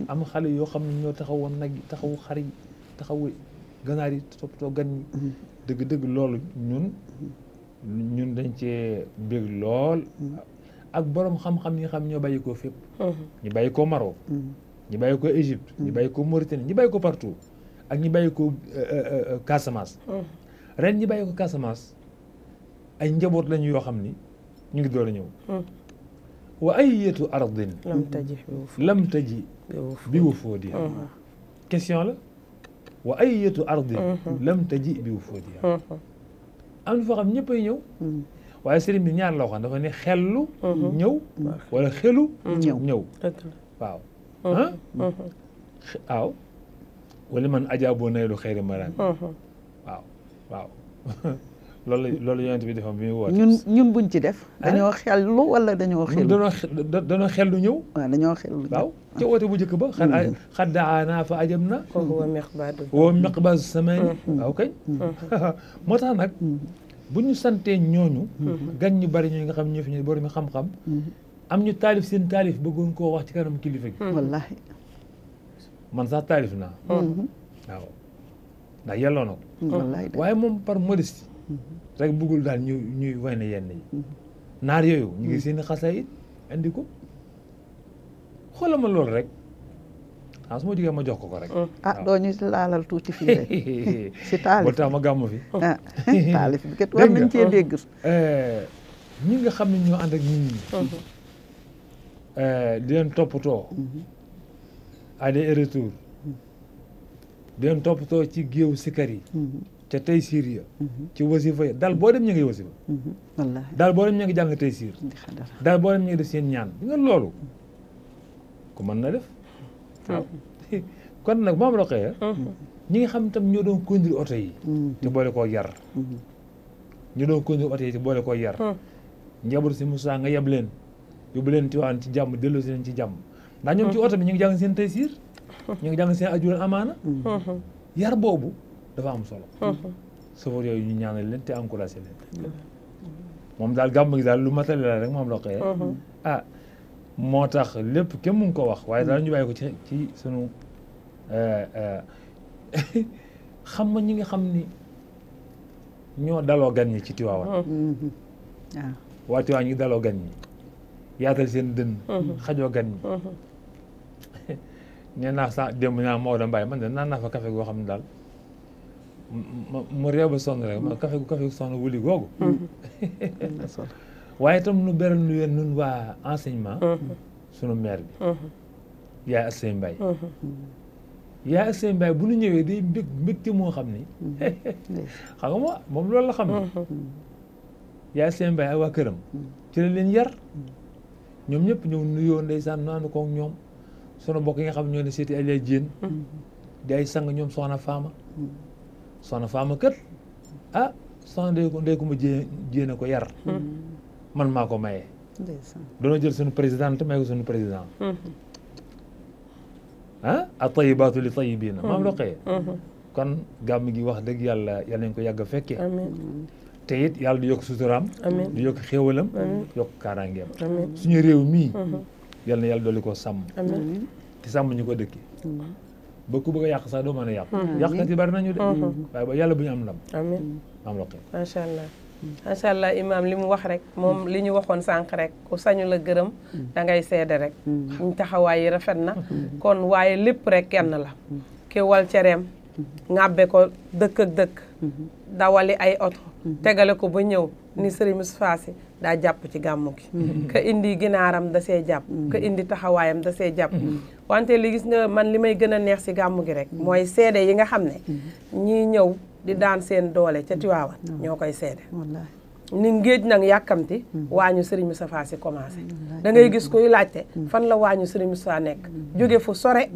Speaker 2: am xale yoo xam ne ñoo taxawoon nag taxawu xar yi taxawu ganaar yi toppatoo gan yi. Hmm. dëgg-dëgg loolu ñun ñun dañ cee bég lool. Hmm. ak boroom xam-xam yi xam ñoo bàyyi ko fépp. ñu bàyyi ko Maroc. ñu bàyyi ko Égypte. ñu bàyyi ko Mauritanie ñi bàyyi ko partout. ak ñu bàyyi ko euh, euh, euh, Casamance. ren ñi bàyyi ko Casamance ay njaboot lañu yoo xam ni ñu ngi door a ñëw. wa ayatu ardin lam taji bi wufoodiha question la wa ayatu foo xam ñëppay ñëw hmm. waaye sëriñ bi ñaar la waxoon dafa ne xellu ñëw wala xelu hmm. ñëw waaw wala man ajaaboo naylu xayri maraam waaw waaw <laughs> loolu loolu yonent bi defoon bi muy woote. ñun
Speaker 5: ñun buñ ci def. dañoo
Speaker 2: xellu wala dañoo. xellu dañoo dañoo xellu ñëw. waaw dañoo xellu waaw ca woote bu njëkk ba. a mm-hmm. daana fa ajab na. kooku waa miqbaad. waa miqbaad samaani. waaw mm-hmm. ah, kay. Mm-hmm. moo tax nag bu ñu santee ñooñu. gan ñu bari ñooy nga xam ñoo fi ñu borom xam-xam. am ñu taalif seen taalif bëggoon koo wax ci kanam kilifa gi. wallaahi. man sax taalif naa.
Speaker 3: waaw
Speaker 2: ndax yelloo na ko. waaye moom par modestie. Mm-hmm. rek bëggul daal ñu ñuy wane yenn yi mm-hmm. naar yooyu ñu ngi mm-hmm. seen xasayit indi ko xoolal ma loolu rek ah su ma ma jox ko rek. Mm.
Speaker 5: Ah, ah doo ñu laalal tuuti fii rek. <laughs> si taalif boo tax ma gàmm fi. ah <laughs> taalif bi kat war nañ cee dégg.
Speaker 2: Eh, ñi nga xam ne ñoo ànd ak nit eh, di leen toppatoo. aller et ci géew sikar yi. te tey siir ya mhm. ci wasifa ya daal boo dem ñu ngi wasifa mhm. wallaahi daal boo dem ñu ngi jàng tey siir daal boo dem ñu ngi def seen ñaan di nga loolu ku mën na def waaw ah. <laughs> kon nag maam roqee mhm. ñi ngi xam tam ñoo doon conduire oto yi te boole koo yar ñoo doon conduire oto yi te boole koo yar njaboot si Moussa nga yeb leen yóbbu leen Tiwaawan ci jàmm delloo si leen ci jàmm ndax ñoom ci ah. oto bi ñu ngi jàng seen tey siir ah. ñu ngi jàng seen ajur amaana yar boobu dafa am solo. sofër yooyu ñu ñaanal leen te encouragé leen. moom daal gàmm gi daal lu matale la rek moom la xëyee. Ah, moo tax lépp kenn mun ko wax waaye daal ñu bàyyi ko ci ci sunu euh, euh, <laughs> xam nga ñi nga xam ni ñoo daloo gan ñi ci Tiwaawan.
Speaker 5: waaw ah.
Speaker 2: waa Tiwaawan ñi daloo gan ñi yaatal seen dënn. xajoo gan ñi. <laughs> nee naa sax démb naa Maodo Mbaye man de naan naa fa café goo xam ne daal. mu réew ba sonn rek ma kafe gu kafe gu sonn wuli googu <laughs> waaye itam nu beral nu yéen nun waa enseignement mm-hmm. sunu maire bi mm-hmm. yaay ak seen mbay yaay ak seen mbay bu nu ñëwee day mbég mbégte moo xam ni mm-hmm. <laughs> xam nga moom loolu la xam ne yaay ak seen mbay ak waa këram ci leen yar ñoom ñëpp ñëw nuyoo ndeysaan naanu koog ñoom sunu mbokk yi nga xam ñoo ne seeti ay lay jéen di ay sang ñoom soxna faama soxna faama kët ah soxna ndey ko ma jé jéene ko yar hmm. man maa ko maye doona jël président présidente may ko suñu président hmm. ah a tayibaatu li tayibiina maam loo hmm. kon gàmm gi wax dëgg yàlla yal nañ ko yàgg a fekkee te it yàlla di yokk suturaam di yokk xéewalam yokk kaaraangeem réew mii yal na ko sàmm ci sàmm ñu ko dëkki ba ku bëgg a yàq sax doo mën a yàq. Mm-hmm. yàqkat yi bari nañu de. Mm-hmm. waaye yàlla bu ñu am ndam. amiin mm-hmm. am loqe.
Speaker 1: macha allah macha allah imaam li mu wax rek moom li ñu waxoon sànq rek ku sañu la gërëm. dangay ngay seede rek. ñu taxawaay yi rafet na. kon waaye lépp rek kenn la. kewal cereem. ŋàbbe ko dëkk ak dëkk. dawali ay oto. tegale ko ba ñëw ni Serigne Moustapha Sy daa jàpp ci gàmmu gi mm-hmm. ka indi ginaaram da see jàpp mm-hmm. ka indi taxawaayam da jàpp mm-hmm. wante li gis nga man li may gën a neex si gàmmu gi rek mooy seede yi nga xam ne ñii ñëw di daan seen doole ca Tiwaawan ñoo koy seede ni ngéej nag yàkkamti waañu sëriñ Moustapha si commencé da ngay gis kuy laajte fan la waañu sëriñ Moustapha nekk jóge fu sore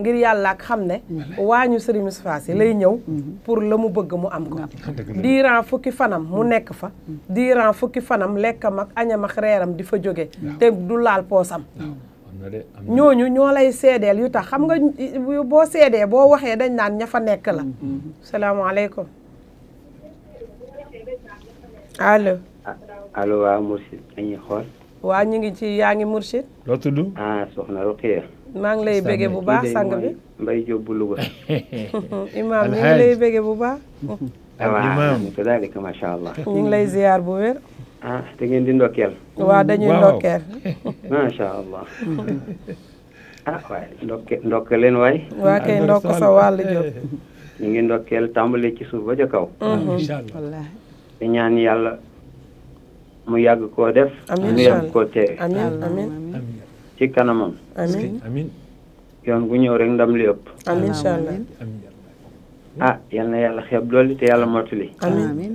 Speaker 1: ngir yàlla ak xam ne waañu Serigne Moustapha Sy lay ñëw mhm. pour la mu bëgg mu am ko ah, diiran fukki fanam mu mhm. nekk fa mhm. diiran fukki fanam lekkam ak añam ak reeram di fa jóge te du laal poosam ñooñu ñoo lay seedeel yu tax xam nga boo seedee boo waxee dañ naan ña fa nekk la salaamaaleykum allo ah, allo waa ñu ngi ci yaa ngi Mourchid
Speaker 4: loo tudd ah
Speaker 1: maa lay bége bu baax sang bi
Speaker 4: Mbaye Diop bu Louga. <laughs>
Speaker 1: imaam ñu ngi lay bége bu baax.
Speaker 4: imaam allah. ñu lay
Speaker 1: ziyaar bu wér.
Speaker 4: ah te ngeen di ndokkeel. waaw dañuy ndokkeel. <laughs> macha allah. ah waay ndokke ndokke leen waay. waa kay ndokk sa wàll Diop. ñu ngi ci suuf ba ca kaw. Mm-hmm. incha ñaan yàlla mu yàgg koo def. amiin
Speaker 1: mu
Speaker 4: ci kanamam. amiin amiin. yoon bu ñëw rek ndam li ëpp. amiin incha ah yal na yàlla xeeb loolu te yàlla mottali. amiin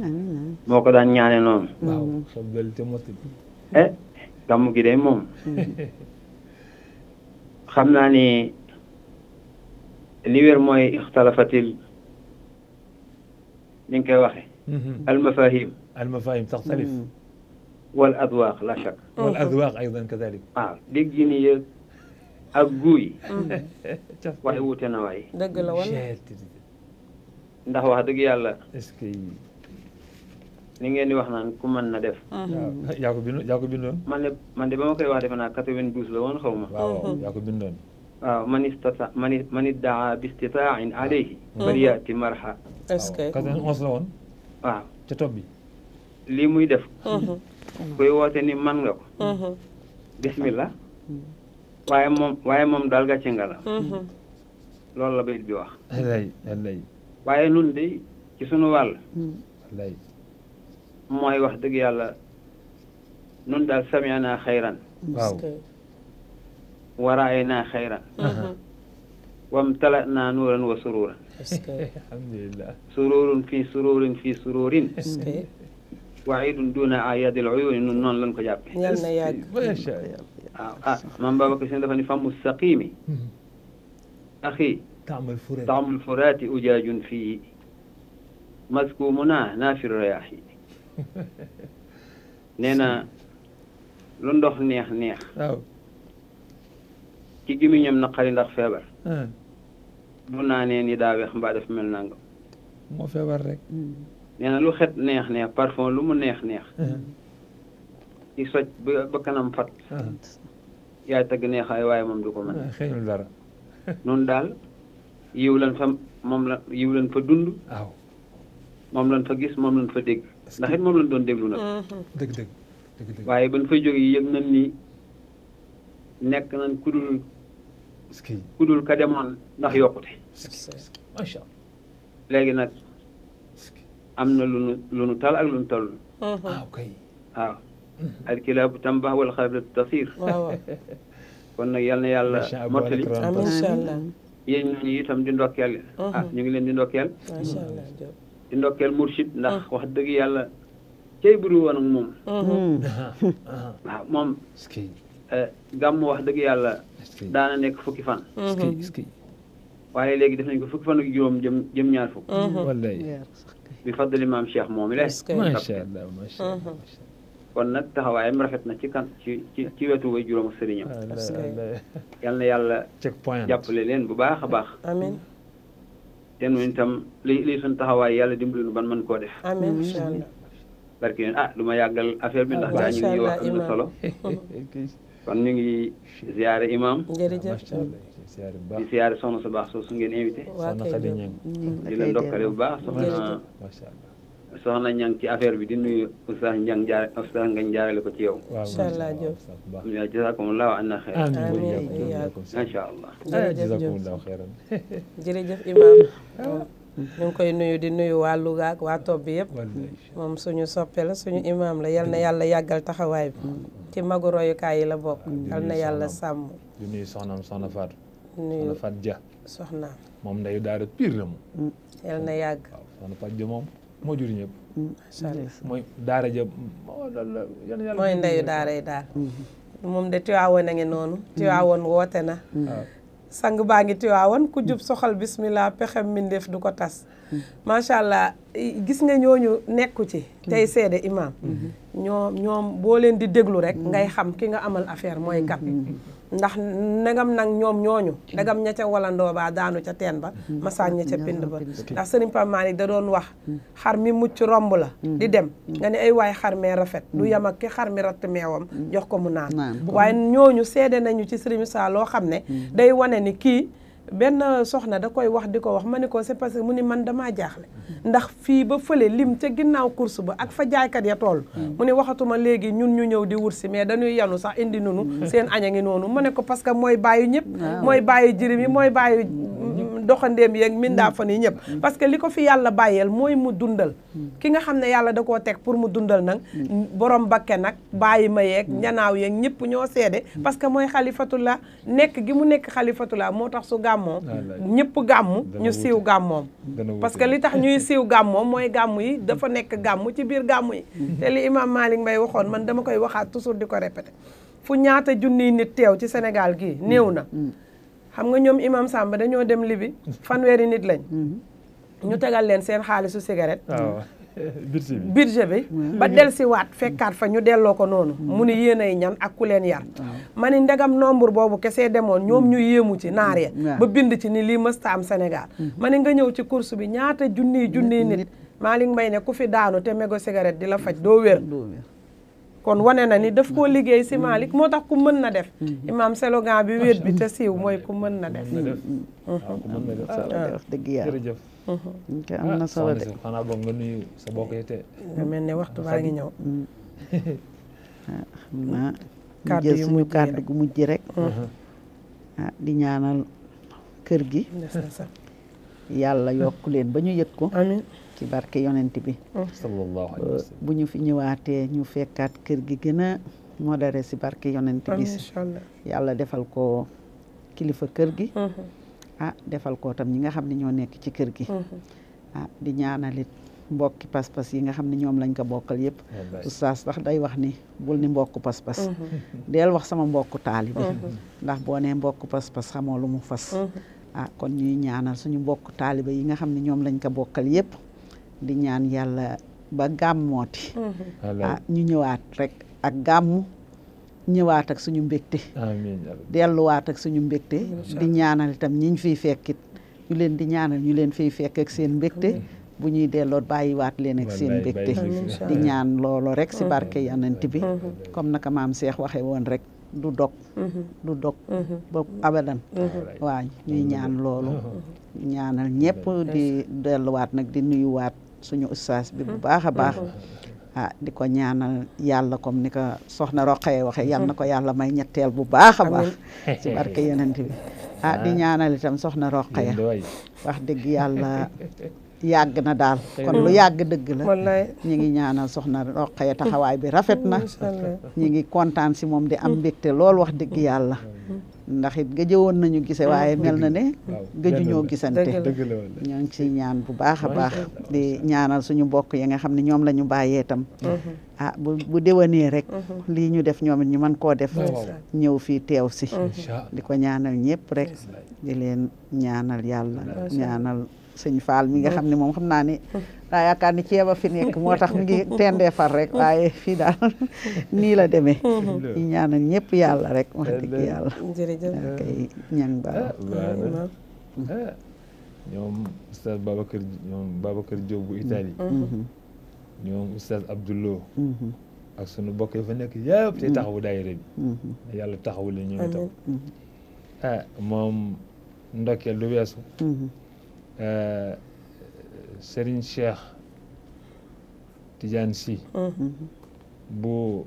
Speaker 4: moo ko daan ñaane noonu. waaw mm. xeeb te mottali. eh gàmmu gi de moom. <laughs> xam naa ni li wér mooy ixtalafatil ni nga koy waxe mm-hmm. al mafahim taxtalif mm. wal adwaaq la shakk. wal mhm. adwaaq aydan kadalik. waaw ah, dégg yi nii ak guuy. Mhm. wuute na waay. dëgg la wala ndax wax dëgg yàlla. est-ce que. ngeen di wax naan ku mën na def.
Speaker 2: Mhm. waaw yaa ko bindoon yaa ko
Speaker 4: man de man de ba ma koy wax xaw ko bindoon. waaw man istata man man iddaa bi istitaain alayhi. faliyaati marha.
Speaker 2: est-ce que 91 la woon.
Speaker 4: waaw lii muy def. kuy woote ni man nga ko mm-hmm. bismillah waaye moom waaye moom daal gàcce la mm-hmm. loolu la bayit wax waaye nun de ci sunu wàll mooy wax dëgg yàlla nun daal sami'na xayran waaw wa ra'ayna xayran mm-hmm. <laughs> nuuran wa sururan
Speaker 2: <laughs> alhamdulillah
Speaker 4: sururun fii sururin fii waidun duna ayadil uyuni nun noonu lañ ko jàppe yal na
Speaker 2: yàgg macha allah waaw
Speaker 4: ah, ah maam ni famu saqimi axi taamul furaati taamul furaati ujaajun fii maskumuna naafiru rayaahi
Speaker 2: <laughs>
Speaker 4: nee na lu ndox neex neex ci gimiñam naqari ndax feebar ah. bu naanee ni daa weex mbaa mel nangam
Speaker 2: moo feebar rek mm.
Speaker 4: nee lu xet neex neex parfum lu mu neex neex ci soj ba kanam fat yaa tagg neexaay waaye moom du ko mën ah, xëyul dara noonu daal yiw lan fa moom la yiw lan fa dund waaw moom lan fa gis moom lan fa dégg ndax it moom lan doon déglu nag
Speaker 2: mhm. dëgg dëgg
Speaker 4: waaye ban fay jóge yëg nañ ni nekk nañ kudul kudul ka demoon ndax yokkute léegi nag am na lu nu lu nu tal ak lu nu talul.
Speaker 2: Mm-hmm. Ah, waaw mm-hmm. kay
Speaker 4: waaw. alkilaabu <laughs> tambaax wal tasiir. kon nag yal na yàlla mottali. macha allah yéen ñooñu di ndokkeel. Mm-hmm. ah ñu ngi leen di ndokkeel. macha allah di ndokkeel Mourchid ndax mm. wax dëgg yàlla cey buru woon ak moom. Mm. <laughs> Ah, ah. waaw eh, wax dëgg yàlla daana nekk fukki fan. waaye léegi def nañ ko fukki fan ak juróom jëm ñaar fukk. bi fadli maam Cheikh moom i la. macha allah macha allah kon nag am rafet na ci kan ci ci ci wetu way juróom ak sëriñam. yal na yàlla. jàppale leen bu baax a baax. amiin. te ñun itam li li taxawaay yàlla dimbali ban man koo def. amiin incha allah. barke ah du ma yàggal affaire bi ndax daa ñu ngi wax am na solo. <laughs> kon ñu ngi imam. di siyaare soxna su baax soosu ngeen invité. soxna Khady
Speaker 2: Niang bu
Speaker 4: baax soxna soxna Niang ci affaire bi di nuyu Oustaz Niang jaar Oustaz ko ci yow. incha
Speaker 1: allah
Speaker 4: allah. jazakumullahu
Speaker 3: xeeran
Speaker 1: jërëjëf imam <laughs> ñu koy nuyu di nuyu waa Louga ak waa Topp bi yëpp moom suñu soppe la suñu imaam la yal na yàlla yàggal taxawaay bi ci magu royukaay yi la bokk yal na yàlla sàmm
Speaker 2: di nuyu soxnaam soxna nuyu soxna Fatou moom ndeyu daara pire la moom. Mm. yal na yàgg waaw soxna Fatou Dia moom moo jur ñëpp. Mm, mm. mooy
Speaker 1: ndeyu daara yi daal. moom de Tiwaawoon a ngi noonu. Tiwaawoon woote na. sang baa ngi Tiwaawoon ku jub soxal bismillah pexem mbindeef du ko tas. macha allah gis nga ñooñu nekku ci. tey seede imam mm-hmm. ñoom ñoom boo leen di déglu rek. ngay xam ki nga amal affaire mooy mm-hmm. kap mm-hmm. ndax ndegam nag ñoom ñooñu mm. ndegam ña ca walandoo ba daanu ca teen ba mm. masaag ña ca pind ba ndax sëriñ Pape Malick da doon wax mm. xar mi mucc romb la di dem nga ne ay waay xar mee rafet du yem ak ki xar mi ratt meewam jox ko mu naan waaye ñooñu seede nañu ci sëriñ Moussa loo xam ne day wane ni kii benn soxna da koy wax di ko wax ma ne ko c'est parce que mu ni man damaa jaaxle ndax fii ba fële lim ca ginnaaw course ba ak fa jaaykat ya tool mu ni waxatuma léegi ñun ñu ñëw di wut si mais dañuy yanu sax indi nu seen a ngi noonu ma ne ko parce que mooy bàyyi ñëpp mooy bàyyi jirim yi mooy bàyyi doxandeem yeeg mindaafan mm. yi ñëpp mm. parce que li ko fi yàlla bàyyeel mooy mu dundal mm. ki nga xam ne yàlla da koo teg pour mu dundal nag borom bakke nag bàyyi ma yeeg ñanaaw yeeg ñëpp ñoo seede parce que mooy xalifatullah nekk gi mu nekk xalifatullah moo tax su gàmmoo ah, ñëpp gàmmu ñu siiw gàmmoom parce que li tax ñuy siiw gàmmoom mooy gàmmu yi dafa nekk gàmmu ci biir gàmmu yi mm-hmm. te li imam Malick Mbaye waxoon man dama koy waxaat toujours di ko répété fu ñaata junniy nit teew ci Sénégal gii néew na xam nga ñoom imam Samba dañoo dem libi <laughs> fanweeri nit lañ. Mhm. ñu tegal leen seen xaalisu cigarette. Ah,
Speaker 2: <laughs> budget bi
Speaker 1: budget bi. ba dellusiwaat fekkaat fa ñu delloo ko noonu. Mhm. mu ni yéen ay ñan ak ku leen yar. Ah. ma ni ndegam nombre boobu kese demoon ñoom mm. ñu yéemu ci naar ya ba bind ci ni lii mësta am Sénégal. Mhm. ma ni nga ñëw ci course bi ñaata junniy junniy nit. Malick Mbaye ne ku fi daanu te mégo cigarette di la faj doo wér. kon wane na ni daf koo liggéey si mm-hmm. Malick moo tax ku mën na def mm-hmm. imaam slogan bi wéet bi te siiw mooy ku mën na def dëgg
Speaker 2: yàlla mm-hmm. Ah, nga solo de waxtu baa ngi ñëw <laughs>
Speaker 3: ah
Speaker 5: xam naa gu mujj rek ah, di ñaanal kër gi yàlla yokk leen ba ñu yëg ko ci barke yonent bi mm.
Speaker 2: sallallahu
Speaker 5: bu ñu fi ñëwaatee ñu fekkaat kër gi gën a modéré si barke yonent bi yàlla defal ko kilifa kër gi mm-hmm. ah defal ko tam ñi nga xam ne ñoo nekk ci kër gi mm-hmm. ah di ñaanalit mbokki pas-pas yi nga xam ne ñoom lañ ko bokkal yëpp oustaz day wax ni bul ni mbokk pas-pas mm-hmm. deel wax sama mbokku taalibe boo nee mbokk pas-pas xamoo lu mu fas ah, kon ñuy ñaanal mbokk taalibe yi nga xam ne ñoom lañ ko bokkal yëpp di ñaan yàlla ba gàmmooti ah ñu ñëwaat rek ak gàmmu ñëwaat ak suñu mbégte delluwaat ak suñu mbégte di ñaanal itam ñiñ fi fekkit ñu leen di ñaanal ñu leen fi fekk ak seen mbégte bu ñuy delloot bàyyiwaat leen ak seen mbégte di ñaan loolo rek si barke yanant bi comme naka maam seex waxe woon rek du dog du dog boobu abadan waaw ñuy ñaan loolu ñaanal ñëpp di delluwaat nag di nuyuwaat su suñu ustaas bi bu mm-hmm. baax a baax
Speaker 3: mm-hmm.
Speaker 5: a ah, di ko ñaanal yàlla comme ni ko soxna Roqaye waxee yal na ko yàlla may ñetteel bu baax a baax ci barke <laughs> yonent bi ah di ñaanal itam soxna Roqaye wax dëgg yàlla
Speaker 3: <laughs>
Speaker 5: yàgg na daal kon lu yàgg dëgg la ñi ngi ñaanal soxna Roqaya taxawaay bi rafet na ñu ngi kontaan si moom di am mbégte lool wax dëgg yàlla ndax it gëjëwoon nañu gise ah, waaye mel na ne
Speaker 3: gëjuñoo gisante
Speaker 5: ñoo ngi ciy ñaan bu baax a baax di ñaanal suñu mbokk yi nga xam ne ñoom lañu ñu bàyyee tam mm-hmm. ah bu bu rek mm-hmm. lii ñu def ñoom it ñu mën koo def ñëw fii teew si mm-hmm. di ko ñaanal ñëpp rek di leen ñaanal yàlla ñaanal sëñ Fall mi nga mm. xam ne moom xam naa ni <laughs> daa yaakaar ni ceeb a fi nekk moo tax mi ngi tendee far rek waaye fii daal <laughs> nii la demee ñu mm-hmm. ñaanal ñëpp yàlla rek wax dëgg yàlla jërëjëf kay ñang ah, mm-hmm.
Speaker 2: ah, ñoom oustaz Babacar ñoom bu Italie mm-hmm. ñoom oustaz Abdoulou ak sunu bokk yi fa nekk yëpp te taxawu daayira bi yàlla taxawu la ñoom itam ah, weesu Euh, Serigne Cheikh Tidiane Sy mm-hmm. bu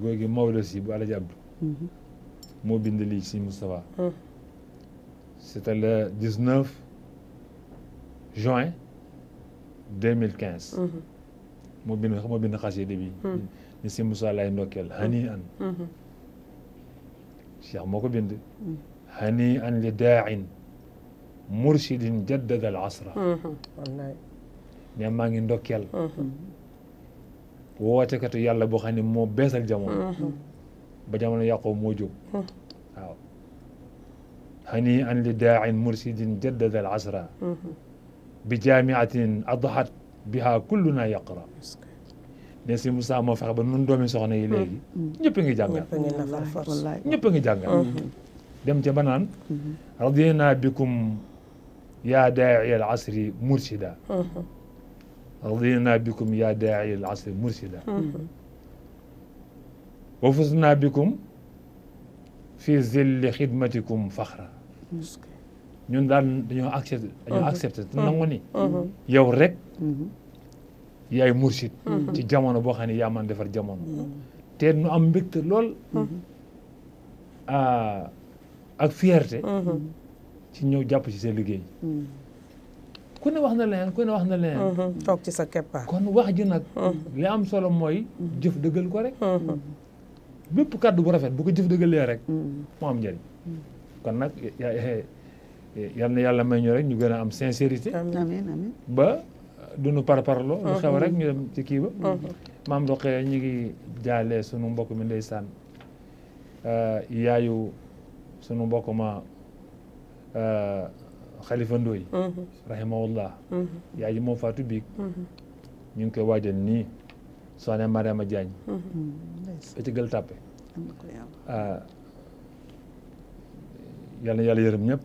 Speaker 2: googi Maodo Sy bu Alaaji Abdu mm-hmm. moo bind lii si Moustapha mm. juin 2015 mm-hmm. moo bind moo bind xasida bi mm. ni si hani an Cheikh moo ko bind mm. hani an li daain mursidin jaddada al asra ne
Speaker 3: mm-hmm.
Speaker 2: maa ngi ndokkeel mm-hmm.
Speaker 3: Mm-hmm.
Speaker 2: wootekatu yàlla boo xam ne moo beesal jamono ba jamono yàqoo moo jóg waaw hani an li daain mursidin jaddada al asra bi jaamiatin adhat biha kulluna yaqra ne si Moussa moo fexe ba nun doomi soxna yi léegi ñëpp a ngi jàngal ñëpp a ngi jàngal dem ca ba naan radina bikum yaa daa'iya al asri mursida radina bikum yaa daa'iya al asri mursida wa fusna bikum fi zilli xidmatikum faxra ñun daal dañoo accepté dañoo accepté te nangu ni yow rek yaay mursid ci jamono boo xam ne yaa man defar jamono te nu am mbégte lool ah, ak fierté ci ñëw jàpp ci seen liggéey. ku wax na leen ku wax na leneen. Mm-hmm. toog ci sa keppaar. kon wax ji nag. Mm-hmm. li am solo mooy. Mm-hmm. jëf dëgël ko rek. bépp kàddu bu rafet bu ko jëf dëggalee rek. moo am njëriñ. kon nag yal na yàlla may ñu rek ñu gën a am sincérité.
Speaker 5: amiin
Speaker 2: ba duñu parparloo. lu rek ci kii ba. maam doxee ñu ngi jaalee sunu mbokk mi ndeysaan euh, yaayu sunu mbokk ma. Euh, Khalifa Ndoye mhm. rahimahullah mhm. yaay ji moom faatu biig mhm. ñu ngi koy waajal nii soxna Mariama Diagne ba ci gël tàppe ah. yal na yàlla yërëm ñëpp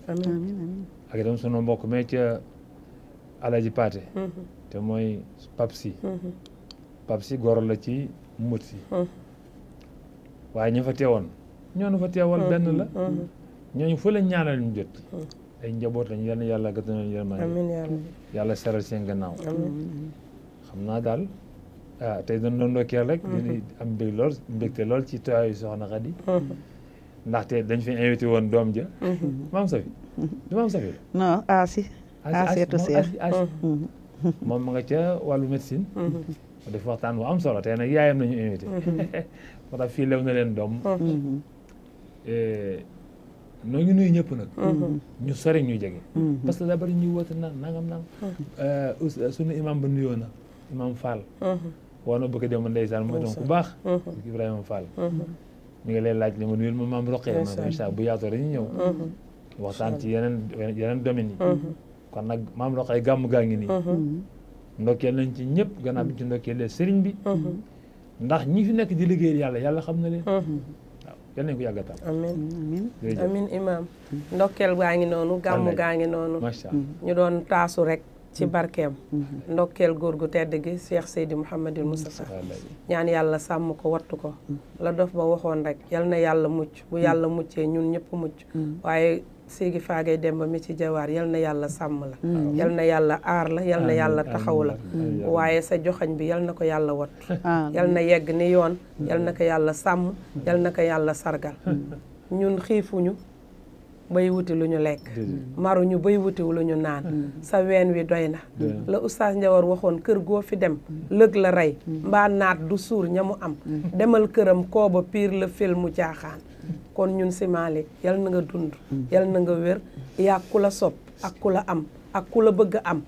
Speaker 2: ak itam mbokk mee ca Alaji te mooy Papsi Papsi goro ci mut waaye ñu fa teewoon ñoo nu fa teewal benn la ñooñu fa la ñaanal ñu jot. Hmm. ay njaboot lañu yal yàlla gëstu nañu yërmande. amiin yàlla seral seen gannaaw. xam naa daal te ah, tey dañu doon ndokkeel rek. Hmm. di am mbég lool lool ci tooyaayu soxna hmm. dañ fi invité woon doom ja. Safi du maam Safi.
Speaker 5: non Asi.
Speaker 2: moom ma nga wàllu médecine. def waxtaan am solo tey nag yaayam nañu invité. <laughs> moo tax fii lew na leen doom. Eh, noo ngi nuyu ñëpp nag. Mm-hmm. ñu sori ñu jege. Mm-hmm. parce que daa bari ñuy woote naan nangam naan. Mm-hmm. Euh, euh, sunu imam ba nuyoo na imam Fall. woo na bëgg dem ndeysaan mooy doon ku baax. Ibrahima Fall. ñu ngi lay laaj li ma nuyul ma maam Roqee ma incha bu yaatoo dañuy ñëw. waxtaan ci yeneen yeneen domaines yi. kon nag maam gàmm gaa ngi nii. ndokkeel nañ ci ñëpp gannaaw bi ñu ci ndokkeelee sëriñ bi. ndax ñi fi nekk di liggéeyal yàlla yàlla xam na leen. yal nañu ko
Speaker 1: yàgg a imaam. ndokkeel gaa ngi noonu gàmm gaa ngi noonu. macha ñu doon taasu rek. ci mm-hmm. barkeem. Mm-hmm. ndokkeel góor gu tedd gi Cheikh Seydi Mouhamadul mm-hmm. Moustapha ñaan yàlla sàmm ko wattu ko. la dof ba waxoon rek yal na yàlla mucc bu yàlla muccee ñun ñëpp mucc. waaye Ségi Faagay Demba mi ci jawaar yal na yàlla sàmm la mm. yal na yàlla aar la yal na yàlla taxaw la waaye sa joxañ bi yal na ko yàlla wat yal na yegg ni yoon yal na ko mm. yàlla sàmm yal na ko yàlla sargal mm. ñun xiifuñu bay wuti lu ñu lekk
Speaker 3: mm-hmm.
Speaker 1: ñu bay wuti lu ñu naan mm-hmm. sa ween wi doy na la oustaz Njawar waxoon kër goo fi dem mm-hmm. lëg la rey mbaa naat du suur ña mu am demal këram kooba piir la fel mu jaaxaan kon ñun si Malick yal na nga dund yal na nga wér yaa ku la sopp ak ku la am ak ku la bëgg am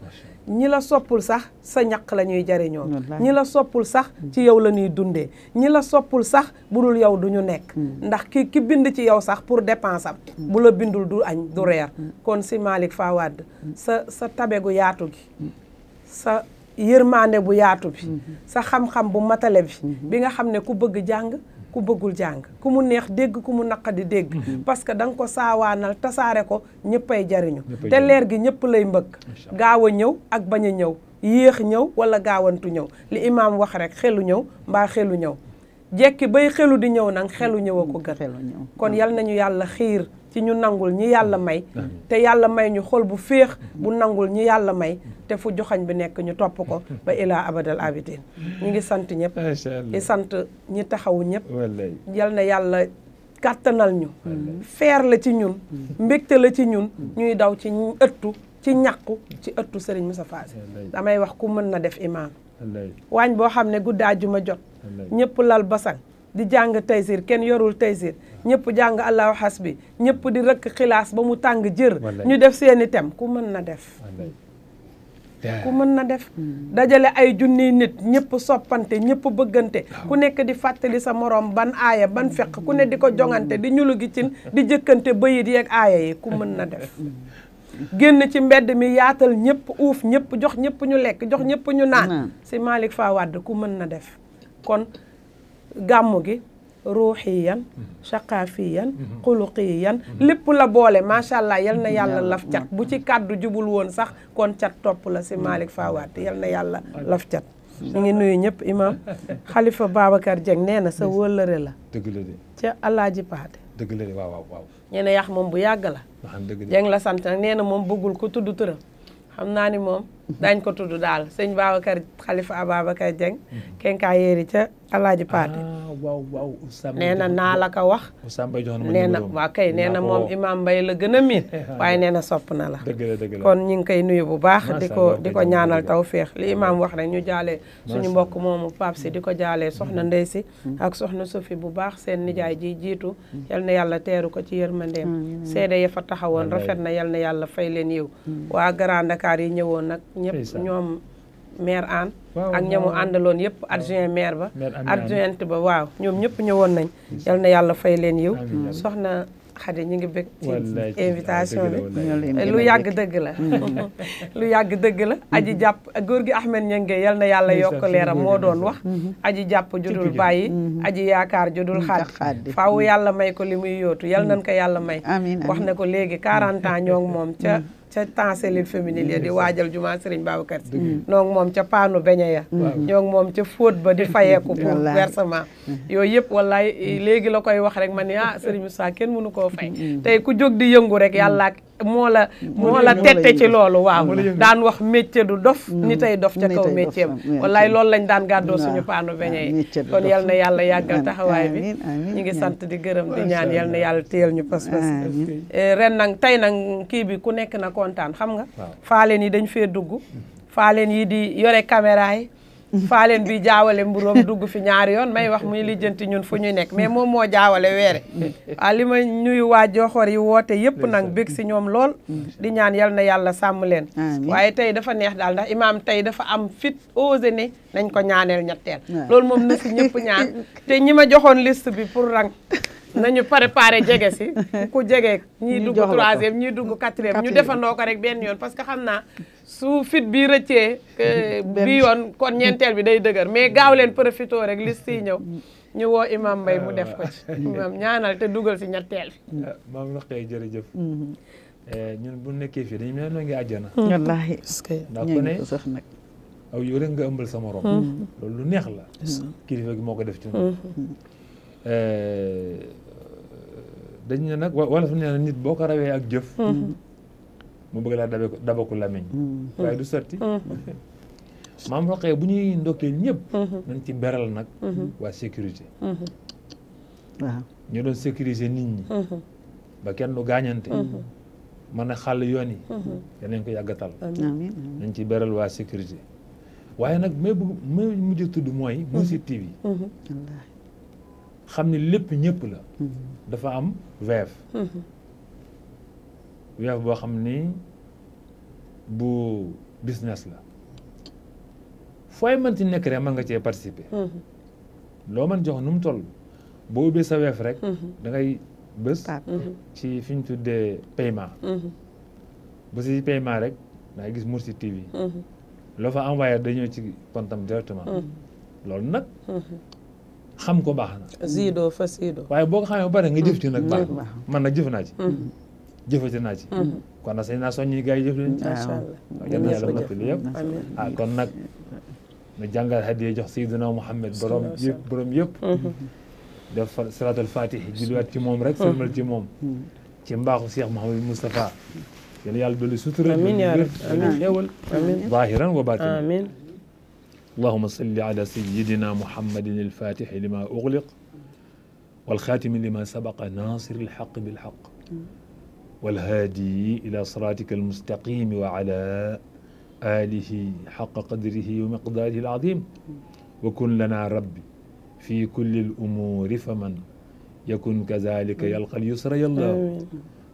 Speaker 1: ñi la soppul sax sa ñaq la ñuy jariñoo ñi la soppul sax ci yow la ñuy dundee ñi la soppul sax bu dul yow duñu nekk hmm. ndax ki ki bind ci yow sax pour dépense am hmm. bu la bindul du añ du reer hmm. kon si Malick Fawad sa sa tabe gu yaatu gi sa yërmande bu yaatu bi sa xam-xam bu matale bi bi nga xam ne ku bëgg jàng ku bëggul jàng ku mu neex dégg ku mu naqadi dégg mhm. parce que da ko saawaanal tasaare ko ñëppay jariñu te leer gi ñëpp lay mbëkk gaaw a ñëw ak bañ a ñëw yéex ñëw wala gaawantu ñëw li imaam wax rek xelu ñëw mbaa xelu ñëw jekki bay xelu di ñëw nag xelu mm-hmm. ñëw a ko gën kon yal nañu yàlla xiir ci ñu nangul ñi yàlla mm-hmm. may te yàlla may ñu xol bu féex mm-hmm. bu nangul ñi yàlla may te fu joxañ bi nekk ñu topp ko ba ilaa abadal abidin ñi ngi sant ñëpp di sant ñi taxawu ñëpp yal na yàlla kàttanal ñu feer la ci ñun mbégte la ci ñun ñuy daw ci ëttu ci ñàkku ci ëttu Serigne Moussa damay wax ku mën na def imaam waañ boo xam ne guddi àjjuma jot ñëpp lal basang di jàng taysir kenn yorul taysir ñëpp jàng allahu hasbi ñëpp di rëkk xilaas ba mu tàng jër ñu def seeni tem ku mën na def ku mën na def dajale ay junniy nit ñëpp soppante ñëpp bëggante ku nekk di fàttali sa morom ban aaya ban feq ku ne di ko jongante di ñulu gi cin di jëkkante bëyit yeeg aaya yi ku mën na def <laughs> génn ci mbedd mi yaatal ñëpp uuf ñëpp jox ñëpp ñu lekk jox ñëpp ñu naan si Malick Fawad ku mën na def kon gàmmu gi ruuxiyan mm-hmm. saqaafiyan mm-hmm. yan mm-hmm. lépp la boole macha allah yal na yàlla laf cat bu ci kàddu jubul woon sax kon cat topp la si Malick Fawad yal na yàlla laf cat ñu ngi nuyu ñëpp imam xalifa <laughs> Babacar Dieng nee na sa wëllëre la ca alaaji paate
Speaker 2: dëgg la de waaw waaw waaw.
Speaker 1: ñu yàq moom bu yàgg la. jeng la sant nag nee na moom bëggul ko tudd turam xam naa ni moom. daañ ko tudd daal sëñ Babacar Khalifa Ababacar Dieng kenkaa yéeri ca alaaji Paate ah, waaw waaw nee na naa la ko wax
Speaker 2: nee na
Speaker 1: waaw nee na moom Imam mbay la gën a miin <laughs> waaye nee na sopp na la kon ñi ngi koy nuyu bu baax di ko di ko ñaanal taw feex li imam wax rek ñu jaalee suñu mbokk moomu Pape si di ko jaalee soxna Ndey si mm-hmm. ak soxna Sofi bu baax seen nijaay ji jiitu mm-hmm. yal na yàlla teeru ko ci yërmandeem mm-hmm. seede ya fa taxawoon rafet na yal na yàlla fay leen yiw waa Grand Dakar yi ñëwoon nag ñëpp ñoom maire Anne ak ñamu àndaloon yëpp adjoint maire ba adjointe ba waaw ñoom ñëpp ñëwoon nañ yal na yàlla fay leen yiw soxna xade ñu ngi bëgg ci invitation bi mm. <laughs> lu yàgg dëgg la yàgg dëgg la aji jàpp góor gi Ahmed Ñange yal na yàlla yokk leeram moo doon wax mm-hmm. aji jàpp judul bàyyi mm-hmm. aji yaakaar judul xaat faaw yàlla may ko li muy yóotu yal nañ ko yàlla may mm-hmm. wax na ko léegi 40 ans ñoo moom ca ca temps cellule féminine ya di waajal jumaa Serigne Babacar Si ñoo ngi moom ca paanu beñe ya ñoo moom ca fóot ba di fayeeku pour versement mm-hmm. yooyu yëpp wallaay eh, léegi la koy wax rek ma ni ah Serigne Moussa kenn mënu koo fay mm-hmm. tey ku jóg di yëngu rek mm-hmm. yàlla moo la moo la tette ci loolu waaw daan wax métier du dof mm. ni tey dof ca kaw métier am wallaay loolu lañ daan gàddoo suñu paanu beñe yi kon yal na yàlla yàggal taxawaay bi ñu ngi sant di gërëm di ñaan yal na yàlla téyel ñu pas-pas eh, ren nag tey nag kii bi ku nekk na kontaan xam nga faa leen yi dañ fee dugg mm. faaleen yi di yore caméra yi faaleen bi jaawale mburoom dugg fi ñaari yoon may wax muy lijjanti ñun fu ñuy nekk mais moom moo jaawale weere waaw li may nuyu waa joxoor yi woote yëpp nag bég si ñoom lool di ñaan yal na yàlla sàmm leen waaye tey dafa neex daal ndax imaam tey dafa am fit osé ne nañ ko ñaaneel ñetteel loolu moom na si ñëpp ñaan <laughs> te ñi joxoon liste bi pour rang nañu préparé jege si <laughs> ku jege ñii dugg troisième ñii dugg quatrième ñu defandoo ko rek benn yoon parce que xam naa su fit <laughs> bii rëccee bi yoon kon ñeenteel bi day dëgër mais gaaw leen profité rek liste yi ñëw ñu woo imam Mbaye mu def ko ci <laughs> ñaanal te dugal si ñetteel
Speaker 2: bi ah, maam wax kay jërëjëf mm-hmm. eh, ñun bu nekkee fii dañu mel noo ngi àjjana mm-hmm. wallaahi ndax ku ne sax nag aw yow rek nga ëmbal sa morom mm-hmm. lu neex la kilifa gi moo ko def ci Euh, dañ ne nag wala fi mu nit boo ko rawee ak jëf. Mm-hmm. mu bëgg laa dabaku dabaku lamiñ. Mm-hmm. waaye du sotti. Mm-hmm. maam Roqee bu ñuy ndokkeel ñëpp. nañ ci beral nag. waa sécurité.
Speaker 3: waaw
Speaker 2: ñu doon sécuriser nit ñi. ba kenn du gaañante. mën a xàll yoon yi. danañ ko yàggatal.
Speaker 3: nañ
Speaker 2: ci beral waa sécurité. waaye nag mais bu ma mujj tudd mooy. Mourchid xam ne lépp ñëpp la mm-hmm. dafa am weef mm-hmm. weef boo xam ni bu business la fooy mën ci nekk rek mën nga cee participer mm-hmm. loo mën jox nu mu toll boo ubbee sa weef rek da bés ci fi ñu tuddee paiement bés ci rek da ngay gis Mourchid TV loo fa envoyé dañoo ci kontam directement loolu nag xam ko baax na. ziidoo fa siidoo. waaye boo ko xamee ba pare nga jëf ci nag mm-hmm. baax man nag jëf naa ci. Mm-hmm. jëfati naa ci. Mm-hmm. kon nag sañ naa soññi gars yi jëf leen. macha allah yal na yàlla mottali yëpp. ah kon nag nu jàngal hadiya jox Seydina Mouhamed borom yëpp borom yëpp. def salaatul fatih julliwaat ci moom rek. sëlmal ci moom. ci mbaaxu Cheikh Mouhamadou Moustapha. yal na yàlla dolli sutura. amiin yaa rabbi amiin xéewal. amiin zahiran wa baatin. amiin. اللهم صل على سيدنا محمد الفاتح لما أغلق والخاتم لما سبق ناصر الحق بالحق والهادي إلى صراطك المستقيم وعلى آله حق قدره ومقداره العظيم وكن لنا ربي في كل الأمور فمن يكن كذلك يلقى اليسر يلا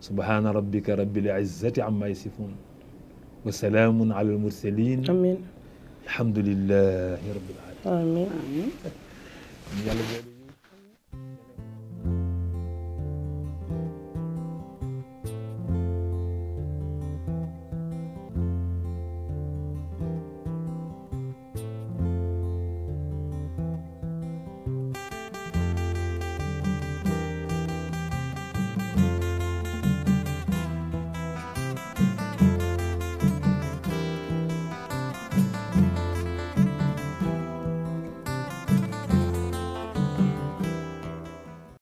Speaker 2: سبحان ربك رب العزة عما يصفون وسلام على المرسلين آمين alhamdulilahi rabbil alamin